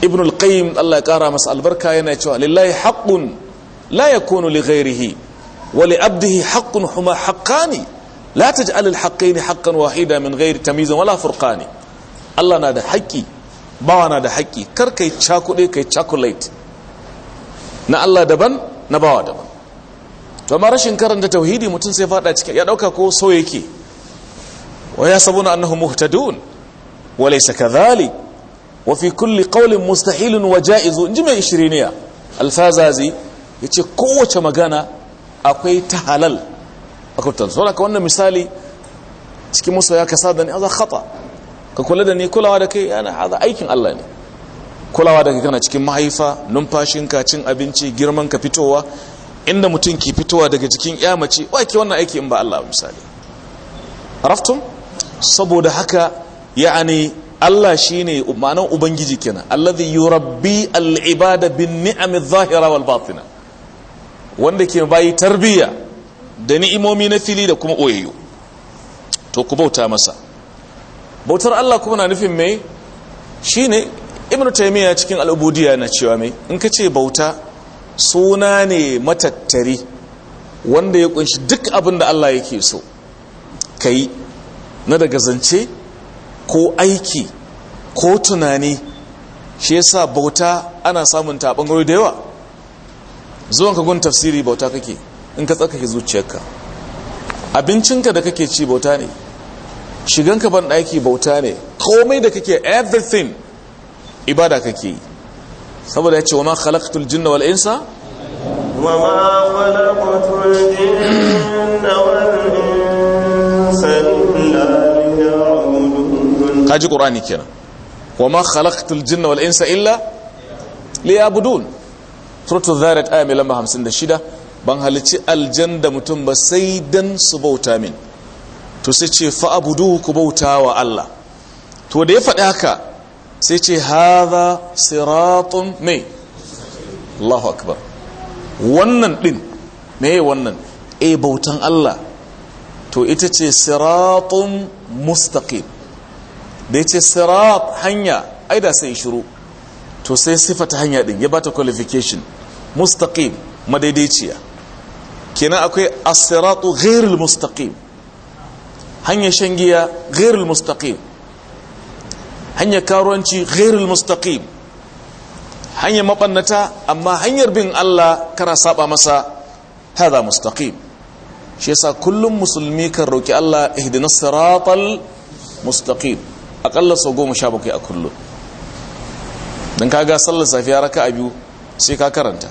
ibn al-qayyim allah ya kara masa albarka yana cewa lillahi haqqun la yakunu li ghairihi wa li abdihi haqqun huma haqqani la taj'al al-haqqayn haqqan wahida min ghairi tamyiz wala furqani Allah na da haƙƙi bawa na da haƙƙi kar kai cakuɗe kai chocolate na Allah daban na bawa daban to amma rashin karanta tauhidi mutum sai fada cikin ya ɗauka ko so yake wa yasabuna annahu muhtadun wa laysa kadhalik wa fi kulli qawlin mustahilun wa jaiz inji mai ishiriniya alfazazi yace kowace magana akwai ta halal makwabtansu saboda ka wannan misali cikin da ni khata ka kula da ni kulawa da kai yana haza aikin Allah ne kulawa da kai kana cikin mahaifa numfashinka cin abinci girman ka fitowa inda mutum ke fitowa daga jikin ya mace wake wannan aiki in ba Allah misali araftum saboda haka ya'ani Allah shine ma'anar ubangiji kenan alladhi yurabbi al-ibada bin ni'amiz zahira wal batina wanda ke bayi tarbiyya da ni'imomi na fili da kuma oyayyo to ku bauta masa bautar Allah kuma na nufin mai shine ibnu taymiya cikin al'ubudiyya na cewa mai in ka ce bauta suna ne matattari wanda ya kunshi duk abin da Allah yake so kai na daga zance ko aiki ko tunani shi yasa bauta ana samun ta bangarori da yawa zuwan ka gun tafsiri bauta kake in ka tsarkake zuciyarka abincinka da kake ci bauta ne shiganka ban ɗaki bauta ne komai da kake everything ibada kake yi saboda ya ce wa ma khalaqtul jinna wal insa wa ma khalaqtul jinna wal insa illa kaji qur'ani kenan wa ma khalaqtul jinna wal insa illa liyabudun suratul zariyat ayat 156 ban halici aljan da mutum ba sai dan su bauta min to sai ce fa'abudu ku bauta wa Allah to da ya faɗi haka sai ce haza siratun mai Allahu akbar wannan ɗin mai wannan e bautan Allah to ita ce siratun mustaqim da ya ce sirat hanya ai da sai shiru to sai sifata hanya ɗin ya ba ta qualification mustaqim madaidaiciya kenan akwai asiratu ghairul mustaqim hanyar shan giya ghairul mustaqim hanyar karuwanci ghairul mustaqim hanyar mabannata amma hanyar bin Allah kana saba masa hada mustaqim shi yasa kullum musulmi kan roki Allah ihdinas siratal mustaqim akalla sau goma sha bakwai a kullum don kaga sallar safiya raka a biyu sai ka karanta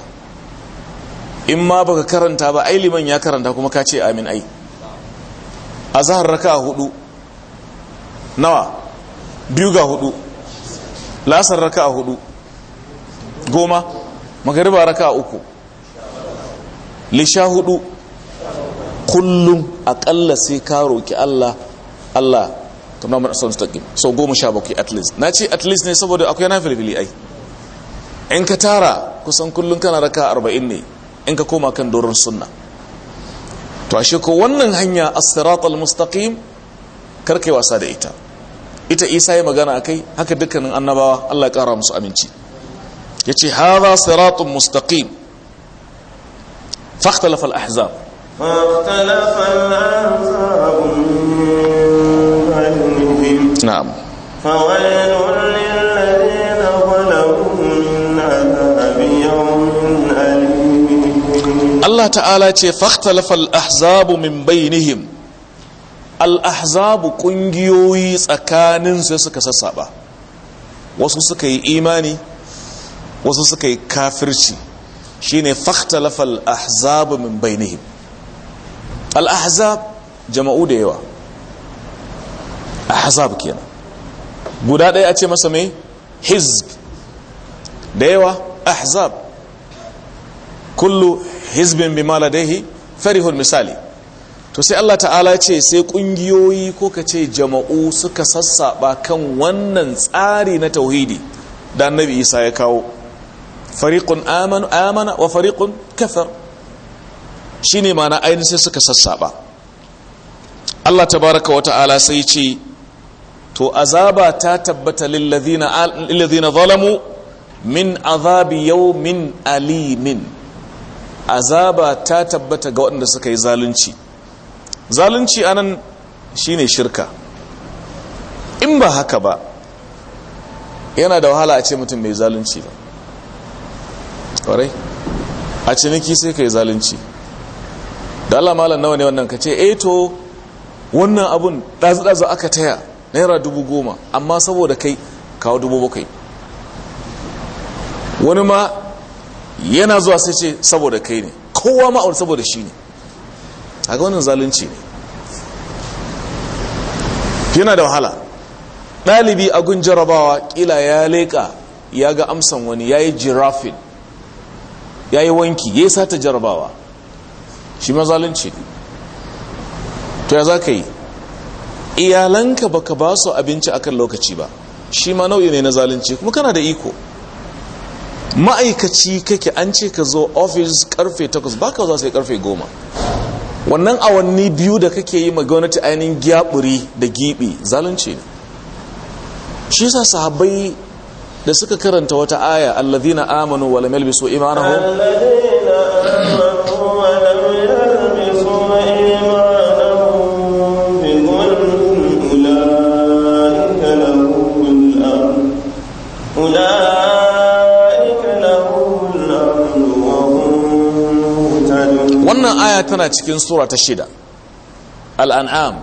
in ma baka karanta ba ai liman ya karanta kuma ka ce amin ai a zahar raka hudu nawa biyu ga hudu lasar raka hudu goma magariba raka uku lisha hudu kullum akalla sai ka roki Allah Allah kamar mun so goma sha bakwai at least na ce at least ne saboda akwai na filfili ai in ka tara kusan kullum kana raka arba'in ne in ka koma kan doron sunna to ashe ko wannan hanya as-siratal mustaqim kar wasa da ita ita isa ya magana akai haka dukkanin annabawa Allah ya kara musu aminci yace hadha siratun mustaqim فاختلف ahzab فاختلف الأحزاب من نعم فويل Allah ta'ala ce fahtalafal ahzabu min bainihim al-ahzabu kungiyoyi tsakanin sai suka sassaba wasu suka yi imani wasu suka yi kafirci shine fahtalafal ahzabu min bainihim al-ahzab jama'u da yawa ahzab kenan guda ɗaya a ce masa mai hizb da yawa ahzab kullu hizbin bima ladaihi farihul misali to sai Allah ta'ala ce sai kungiyoyi ko ka ce jama'u suka sassaba kan wannan tsari na tauhidi da annabi Isa ya kawo fariqun amanu amana wa fariqun kafar shine mana ainihin sai suka sassaba Allah tabaraka wa ta'ala sai ce to azaba ta tabbata lil ladina zalamu min azabi yawmin alimin azaba ta tabbata ga waɗanda suka yi zalunci zalunci anan shine shirka in ba haka ba yana da wahala a ce mutum mai zalunci ba ƙwarai a ciniki sai ka yi zalunci da alamalan nawa ne wannan ka ce e to wannan abun ɗazu-ɗazu aka taya naira dubu goma amma saboda kai kawo dubu bakwai wani ma yana zuwa sai ce saboda kai ne kowa ma'aur saboda shi ne a ga wannan zalunci ne yana da wahala ɗalibi a gun jarabawa ƙila ya leƙa ya ga amsan wani ya yi jirafin ya yi wanki ya yi sata jarabawa shi ma zalunci ne to ya za ka yi iyalanka baka ba su abinci akan lokaci ba shi ma nau'i ne na zalunci kuma kana da iko ma'aikaci kake an ce ka zo ofis karfe 8 baka zuwa sai karfe 10 wannan awanni biyu da kake yi ma gwamnati ainihin gyaburi da gibi zalunci ne shi sa sahabai da suka karanta wata aya allazina amanu wa lam yalbisu imanahum aya tana cikin sura ta shida al'an'am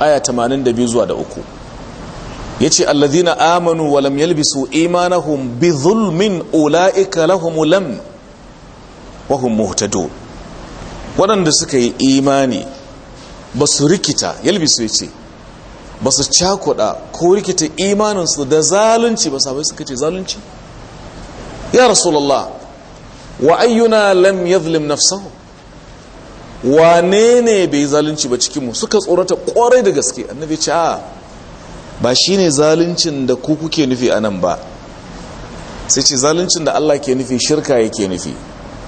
aya 82 zuwa da uku ya ce allazina amanu walam yalbisu imanahum bi zulmin ula'ika lam wahum muhtado waɗanda suka yi imani ba su rikita yalbisu ya ce ba su cakuɗa ko rikita imaninsu da zalunci ba sabai suka ce zalunci ya rasulallah wa ayyuna lam yadlim nafsahu wane ne bai zalunci ba cikinmu suka tsorata kwarai da gaske annabi ce a ba shi ne zaluncin da ku kuke nufi a nan ba sai ce zaluncin da allah ke nufi shirka yake nufi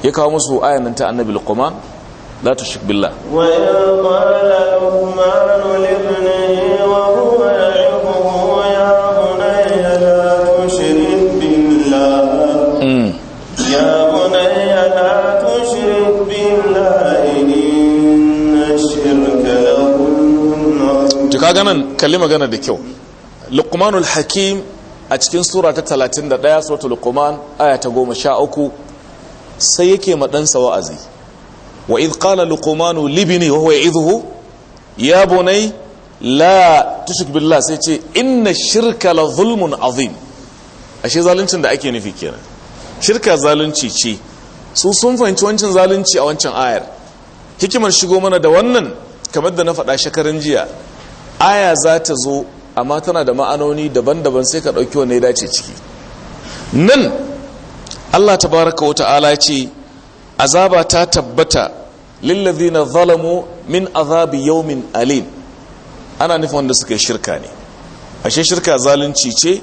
ya kawo musu ayanin ta annabi luqman la tushrik billah kaganan kalli magana da kyau luqmanul hakim a cikin sura ta 31 surata luqman aya ta 13 sai yake maɗansa wa'azi wa idh qala luqmanu libni wa huwa ya'idhuhu ya la tushrik billah sai ce inna shirka la zulmun azim ashe zaluncin da ake nufi kenan shirka zalunci ce su sun fahimci wancan zalunci a wancan ayar hikimar shigo mana da wannan kamar da na faɗa shekarun jiya aya za ta zo amma tana da ma'anoni daban-daban sai ka ɗauki ya dace ciki nan allah Ta baraka wata ala ce azaba ta tabbata na zalamu min azabi yaumin alim ana nufin wanda suka shirka ne ashe shirka zalunci ce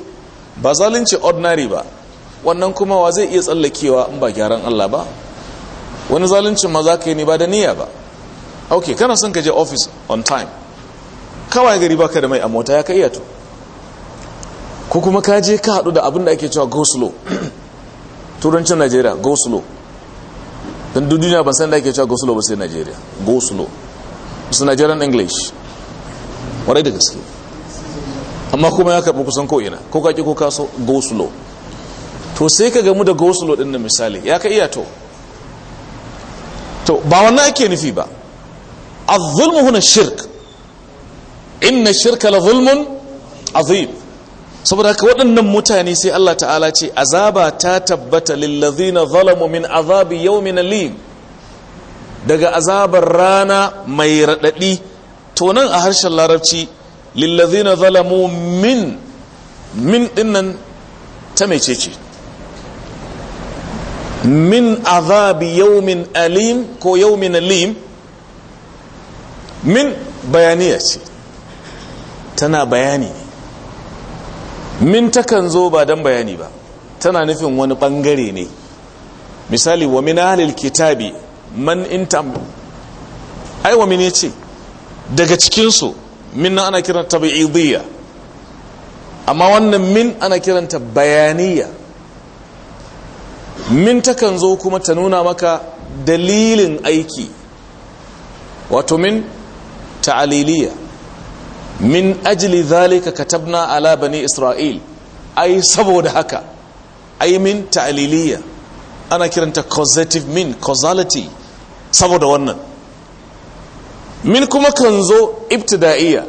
ba zalunci ordinary ba wannan kuma wa zai iya tsallakewa in ba gyaran allah ba wani zaluncin ma za ka yi ne ba da niyya ba ok kana son ka je office on time kawai gari baka da mai a mota ya kai yato ko kuma ka je ka hadu da abin da ake cewa go slow turancin najeriya go slow don duniya ban san da ake cewa go slow ba sai najeriya go slow su najeriyan english warai da gaske amma kuma ya karbi kusan ko'ina ko kaki ko kaso go slow to sai ka gamu da go slow din na misali ya ka iya to to ba wannan ake nufi ba a zulmuhu na shirk inna shirka la zulmun azim saboda haka waɗannan mutane sai Allah ta'ala ce azaba ta tabbata lillazina zalamu min azabi yawmin alim daga azabar rana mai raɗaɗi to nan a harshen larabci lillazina zalamu min min dinnan ta mecece min azabi yawmin alim ko yawmin alim min bayaniya ce tana bayani min takan zo ba don bayani ba tana nufin wani bangare ne misali wa min ahlil kitabi man intam ai wa min yace daga cikinsu min nan ana kiran amma wannan min ana kiranta bayaniya min takan zo kuma ta nuna maka dalilin aiki wato min ta'aliliya min ajli zalika katabna ala bani isra'il ai saboda haka ai min ta'liliya ana kiranta causative min causality saboda wannan min kuma kan zo ibtida'iya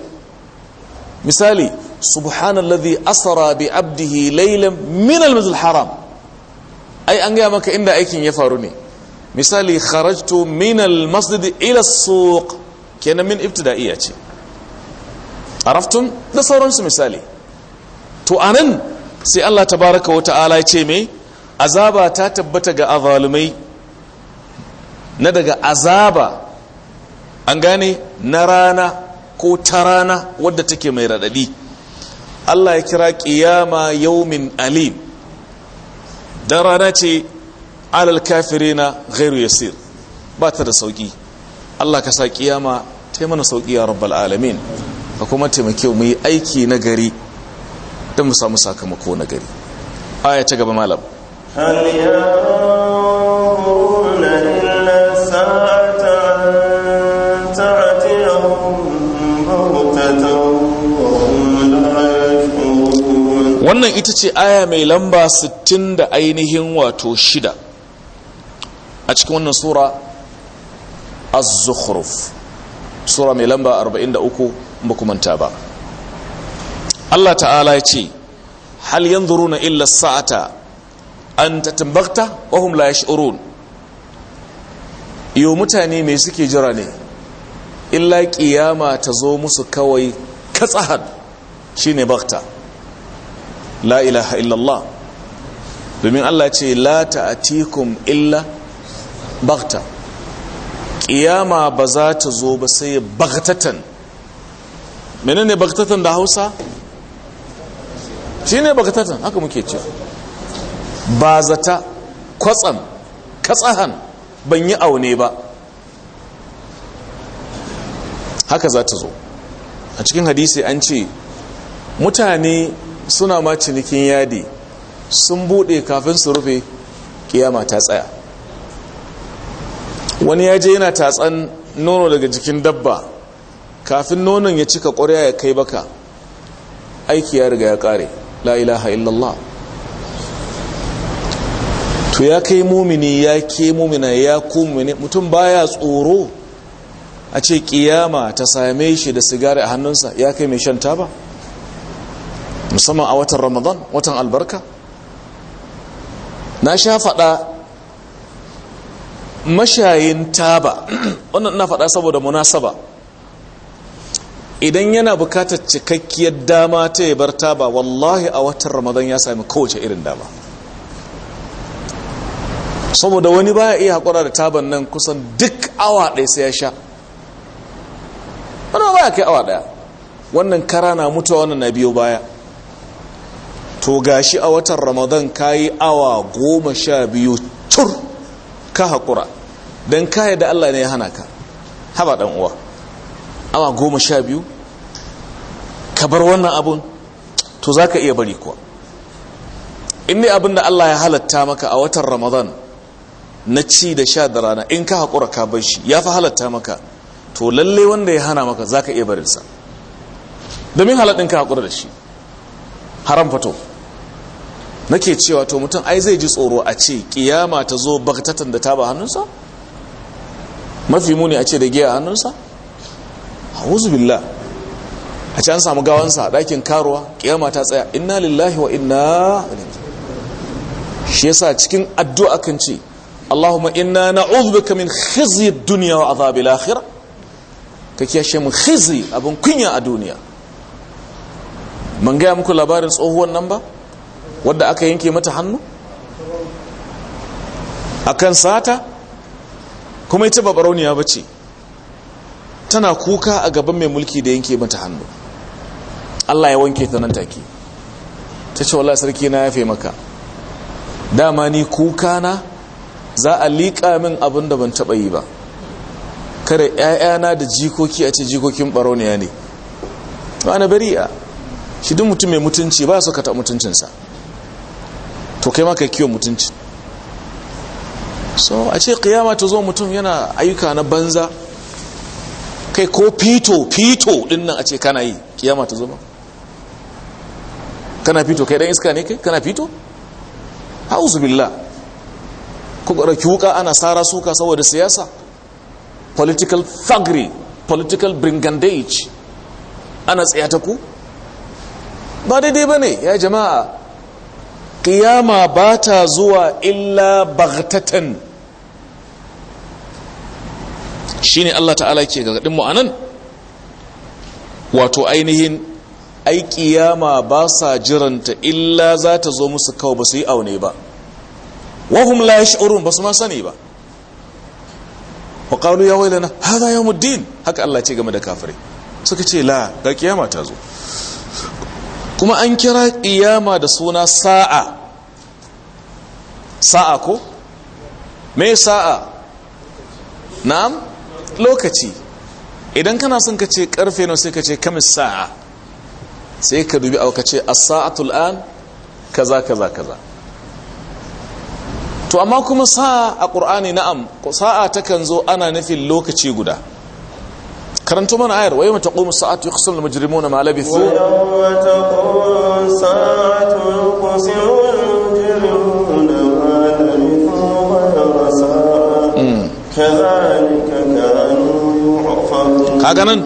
misali subhanallazi asara bi abdihi laylan min al haram ai an gaya maka inda aikin ya faru ne misali kharajtu min al-masjid ila as-suq kenan min ibtida'iyya ce araftun da sauransu misali to anan sai Allah tabaraka wa ta'ala ya ce mai azaba ta tabbata ga azalumai na daga azaba an gane na rana ko ta rana wadda take mai radadi Allah ya kira qiyama yaumin alim dan rana ce alal kafirina ghairu yasir ba ta da sauki Allah ka sa kiyama ta mana sauki ya rabbal alamin ka kuma taimake mu yi aiki na gari don mu samu sakamako na gari aya ta gaba malam wannan ita ce aya mai lamba 60 da ainihin wato shida a cikin wannan sura az-zukhruf sura mai lamba 43 bukumanta ba Allah ta'ala ya ce hal yanzuruna illa sa'ata an tatambakta wa hum la yash'urun yo mutane mai suke jira ne illa kiyama ta zo musu kawai katsahan, shi ne bakta la ilaha illallah domin Allah ce la ta'atikum illa bakta kiyama ba za ta zo ba sai bagtatan menene baktatan da hausa shi ne baktatan haka muke ce ba zata kwatsam katsahan ban yi aune ba haka za ta zo a cikin hadisi an ce mutane suna ma cinikin yadi sun bude kafin su rufe kiyama ta tsaya wani ya je yana tatsan nono daga jikin dabba kafin nonon ya cika ƙwarya ya kai baka aiki ya riga ya ƙare la ilaha illallah to ya kai mumini ya ke mumina ya kumini mutum baya tsoro a ce kiyama ta same shi da sigari a hannunsa ya kai mai shan taba musamman a watan ramadan watan albarka na sha faɗa mashayin taba wannan na faɗa saboda munasaba idan yana bukatar cikakkiyar dama ta ya bar taba wallahi a watan ramadan ya sami kowace irin dama saboda wani baya iya haƙura da taban nan kusan duk awa ɗaya sai ya sha wani ba baya kai awa ɗaya wannan kara na mutuwa wannan na biyo baya to gashi a watan ramadan ka yi awa goma sha biyu cur ka haƙura don ka da allah ne ya hana ka haba ɗan uwa awa goma sha biyu ka bar wannan abun to za ka iya bari kuwa in ne abin da Allah ya halatta maka a watan ramadan na ci da sha da rana in ka haƙura ka bar shi ya fi halatta maka to lalle wanda ya hana maka za ka iya barinsa domin halattun ka haƙura da shi haram fato nake cewa to mutum ai zai ji tsoro a ce kiyama ta zo baktatan da ta ba hannunsa mafi muni a ce da giya hannunsa a'udhu billah a can samu gawansa dakin ɗakin karuwa kiyama ta tsaya inna lillahi wa inna shi yasa cikin addu'a kan ce Allahumma inna na'udhu bika min khizyi ad-dunya wa adhab al-akhirah ka ya shemu khizyi abun kunya a duniya man ga muku labarin tsohuwar nan ba wanda aka yanke mata hannu akan sata kuma ita ba barauniya bace tana kuka a gaban mai mulki da yanke mata hannu Allah ya wanke ta nan take ta ce wallahi sarki na yafe maka dama ni kuka na za a liƙa min abin da ban taɓa yi ba kada ‘ya'yana da jikoki a ce jikokin ɓarauniya ne ba na bari'a shi duk mutum mai mutunci ba su taɓa mutuncinsa to kai maka kiwon mutunci so a ce kiyama ta zo mutum yana ayyuka na banza kai ko fito fito din nan a ce kana yi kiyama ta zo ba kana fito kai dan iska ne kai kana fito a'udhu billah ku gara kiwuka ana sara suka saboda siyasa political fagri political brigandage ana tsayata ku ba daidai bane ya jama'a kiyama ba ta zuwa illa baghtatan ne Allah ta'ala ke gargadin mu anan wato ainihin ai kiyama ba sa jiranta illa za ta zo musu kawai ba su yi aune ba wahum la yash'urun ba su ma sani ba wa qalu ya wailana ya muddin? haka Allah ce game da kafirai suka ce la ga kiyama ta zo kuma an kira kiyama da suna sa'a sa'a ko me sa'a na'am lokaci idan kana son ka ce karfe nawa sai ka ce kamis sa'a sai ka dubi au ka ce as-sa'atu an kaza kaza kaza to amma kuma sa'a a qur'ani na'am sa'a ta kan zo ana nufin lokaci guda karanto mana ayar wa yawma taqumu as-sa'atu yuqsimu al-mujrimuna ma labithu wa yawma taqumu as-sa'atu yuqsimu al-mujrimuna ma labithu wa hmm. kaza kaga nan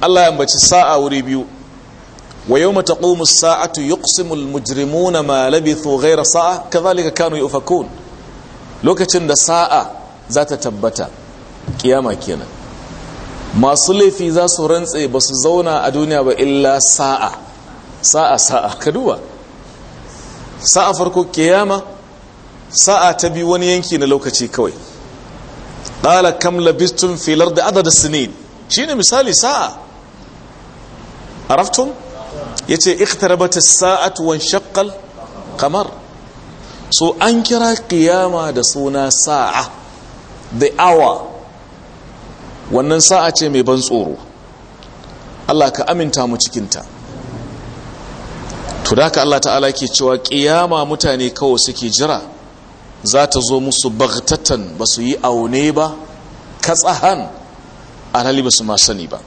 Allah ya ambaci sa'a wuri biyu wa yawma taqumu as-sa'atu yuqsimu al-mujrimuna ma labithu ghayra sa'a kadhalika kanu yufakun lokacin da sa'a za ta tabbata kiyama kenan masu laifi za su rantse ba su zauna a duniya ba illa sa'a sa'a sa'a ka duba sa'a farko kiyama sa'a ta biyu wani yanki na lokaci kawai qala kam labistum filar da adada adad sinin shine misali sa'a araftum yace iqtarabat as-sa'atu wa shaqqal qamar so an kira kiyama da suna sa'a the hour wannan sa'a ce mai ban tsoro Allah ka aminta mu cikinta to da Allah ta'ala ke cewa kiyama mutane kawai suke jira za ta zo musu bagtatan ba su yi aune ba katsahan alhali ba su ma sani ba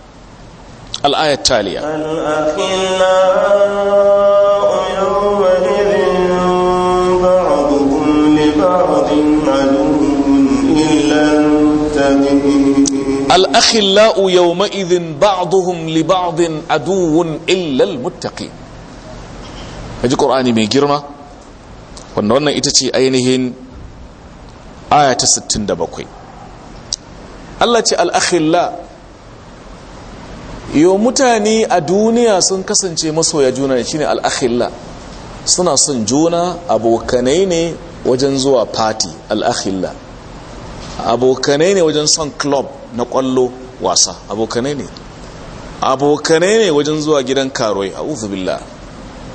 al'ayar taliya al'akhillau yawma idin ba'duhum li ba'din aduwwun illal al-muttaqi haji qur'ani mai girma wannan ita ce ainihin aya ta bakwai. Allah ce al'akhilla yau mutane a duniya sun kasance masoya juna ne shine al'akhilla suna son juna abokanai ne wajen zuwa fati al'akhilla abokanai ne wajen son club na kwallo wasa abokanai ne abokanai ne wajen zuwa gidan karoi a uzubillah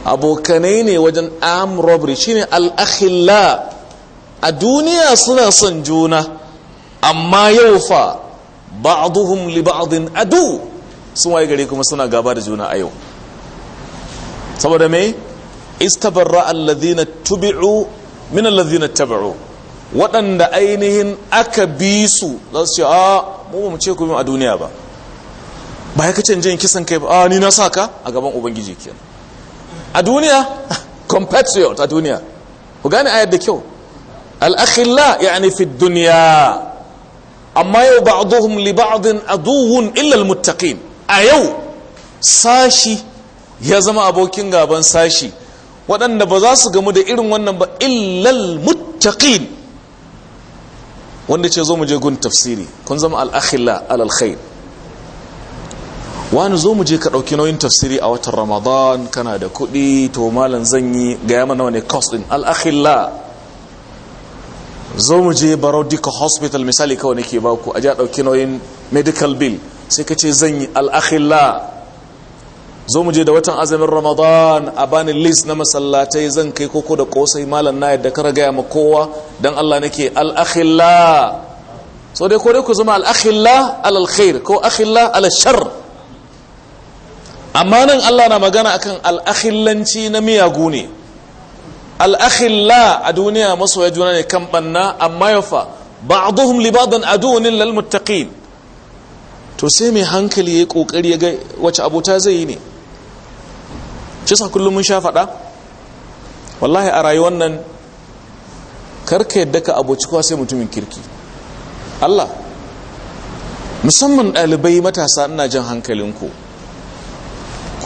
abokanai ne wajen am robbery shine al'akhilla a duniya suna son juna amma yau fa ba'duhum li ba'din adu sun waye gare kuma suna gaba da juna a yau saboda me istabarra alladhina tubi'u min alladhina tabi'u waɗanda ainihin aka bi su za su ce a mu ba mu ce ku a duniya ba ba ya kace jin kisan kai ba a ni na saka a gaban ubangiji kenan a duniya compatriot a duniya ku gane ayar da kyau al ya ani fi duniya. amma yau ba'dhum li ba'din aduwwun illa almuttaqin a yau sashi ya zama abokin gaban sashi waɗanda ba za su gamu da irin wannan ba illal muttaqin wanda ce zo mu je gun tafsiri kun zama al-akhila wani zo mu je ka ɗauki nauyin tafsiri a watan ramadan kana da kuɗi to malam zan yi ga yamma nawa ne cost din al-akhila zo mu je hospital misali kawai nake ba ku a ja ɗauki nauyin medical bill sai ka ce zan yi al'akhila zo mu je da watan azumin ramadan a bani list na masallatai zan kai koko da kosai malam na yadda kara gaya ma kowa don allah nake al'akhila so dai dai ku zama al'akhila al'alkhair ko akhila al'ashar amma nan allah na magana akan al'akhilanci na miyagu ne al'akhilla a duniya masoya juna ne kan banna amma yafa ba'dhum li ba'dhin aduwwun lil muttaqin to sai mai hankali ya kokari ya ga wace abota zai yi ne cisa kullum mun sha faɗa wallahi a rayuwar nan karka yadda ka aboci kuwa sai mutumin kirki Allah musamman ɗalibai matasa ina jan hankalinku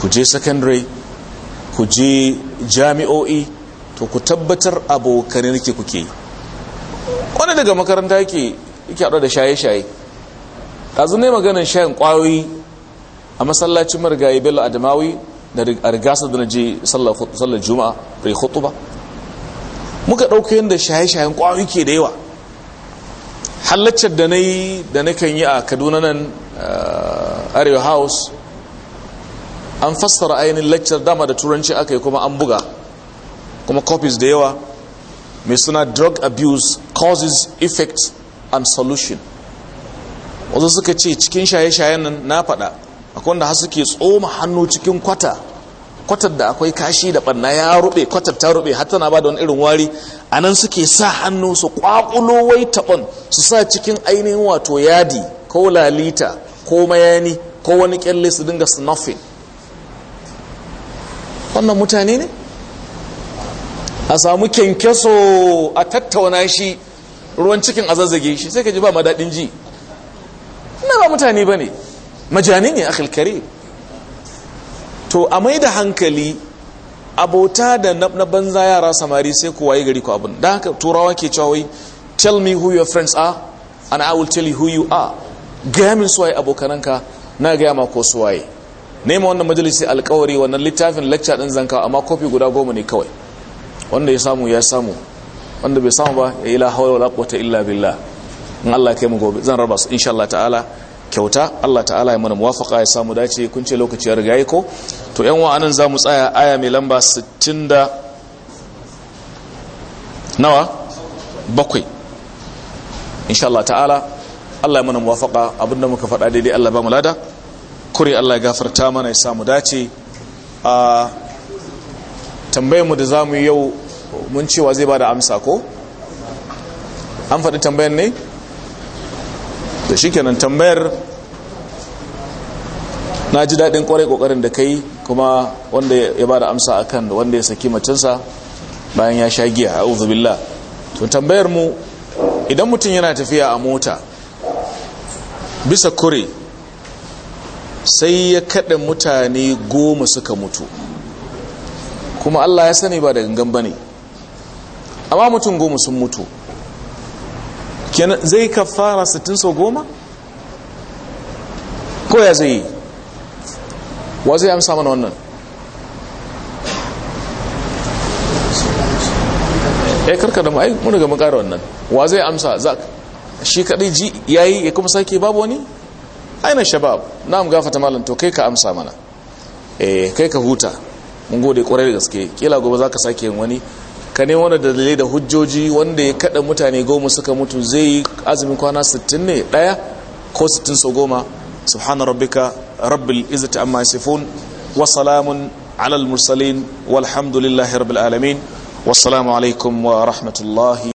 ku je secondary ku je jami'o'i to ku tabbatar abokanai nake kuke wani daga makaranta yake yake haɗu da shaye-shaye ɗazu ne maganin shayin ƙwayoyi a masallacin marigayi bello adamawi da rigasa da na je sallar juma'a bai hutu ba muka ɗauka yadda shaye-shayen ƙwayoyi ke da yawa hallacar da na yi da na kan yi a kaduna nan eh, arewa house an fassara ainihin laccar dama da turanci aka yi kuma an buga kuma copies da yawa mai suna drug abuse causes effect and solution wasu suka ce cikin shaye shaye nan na faɗa akwai wanda har suke tsoma hannu cikin kwata kwatar da akwai kashi da ɓanna ya rube kwatar ta rube har tana ba da wani irin wari a nan suke sa hannu su kwakulo wai taɓon su sa cikin ainihin wato yadi ko lalita ko mayani ko wani kyalle su dinga snuffing wannan mutane ne a samu kyankyaso a tattauna shi ruwan cikin a zazzage shi sai ka ji ba daɗin ji na ba mutane ba ne majani ne a kare to a mai da hankali abota da na banza yara samari sai ku waye gari ku abin da haka turawa ke cewa tell me who your friends are and I will tell you who you are gaya min suwaye abokananka na gaya ma ko suwaye nema wannan majalisi alkawari wannan littafin lecture din zanka amma kofi guda goma ne kawai wanda ya samu ya samu wanda bai samu ba ya yi la wala quwwata illa billah in Allah kai mu gobe zan raba su insha Allah ta'ala kyauta Allah ta'ala ya mana muwafaqa ya samu dace kun ce lokaci ya riga ko to yan wa'anan zamu tsaya aya mai lamba 60 da nawa bakwai insha Allah ta'ala Allah ya mana muwafaqa abinda muka faɗa daidai Allah ba mu lada kuri Allah ya gafarta mana ya samu dace a ah, tambayar mu da za mu yau mun cewa zai ba da amsa ko an faɗi tambayar ne da shi kenan tambayar na ji daɗin ƙwarai ƙoƙarin da kai kuma wanda ya ba da amsa a kan wanda ya saki macinsa bayan ya sha giya a uzubillah to tambayar mu idan mutum yana tafiya a mota bisa kure sai ya kaɗa mutane goma suka mutu kuma Allah ya sani ba da gangan ne amma mutum goma sun mutu kenan zai kafara 60 sau goma ko ya zai yi wa zai amsa mana wannan ya eh, karka da ma'ai muna ga makara wannan wa zai amsa za shi kaɗai ji yi ya kuma sake babu wani aina shabab na am ta malam to kai ka amsa mana eh kai ka huta mun gode kwarai da gaske kila gobe za ka sake yin wani ka ne wani dalilai da hujjoji wanda ya kada mutane goma suka mutu zai yi azumin kwana 60 ne daya ko 60 sau goma subhana rabbika rabbil izzati amma yasifun wa salamun alal mursalin walhamdulillahi rabbil alamin wassalamu alaikum wa rahmatullahi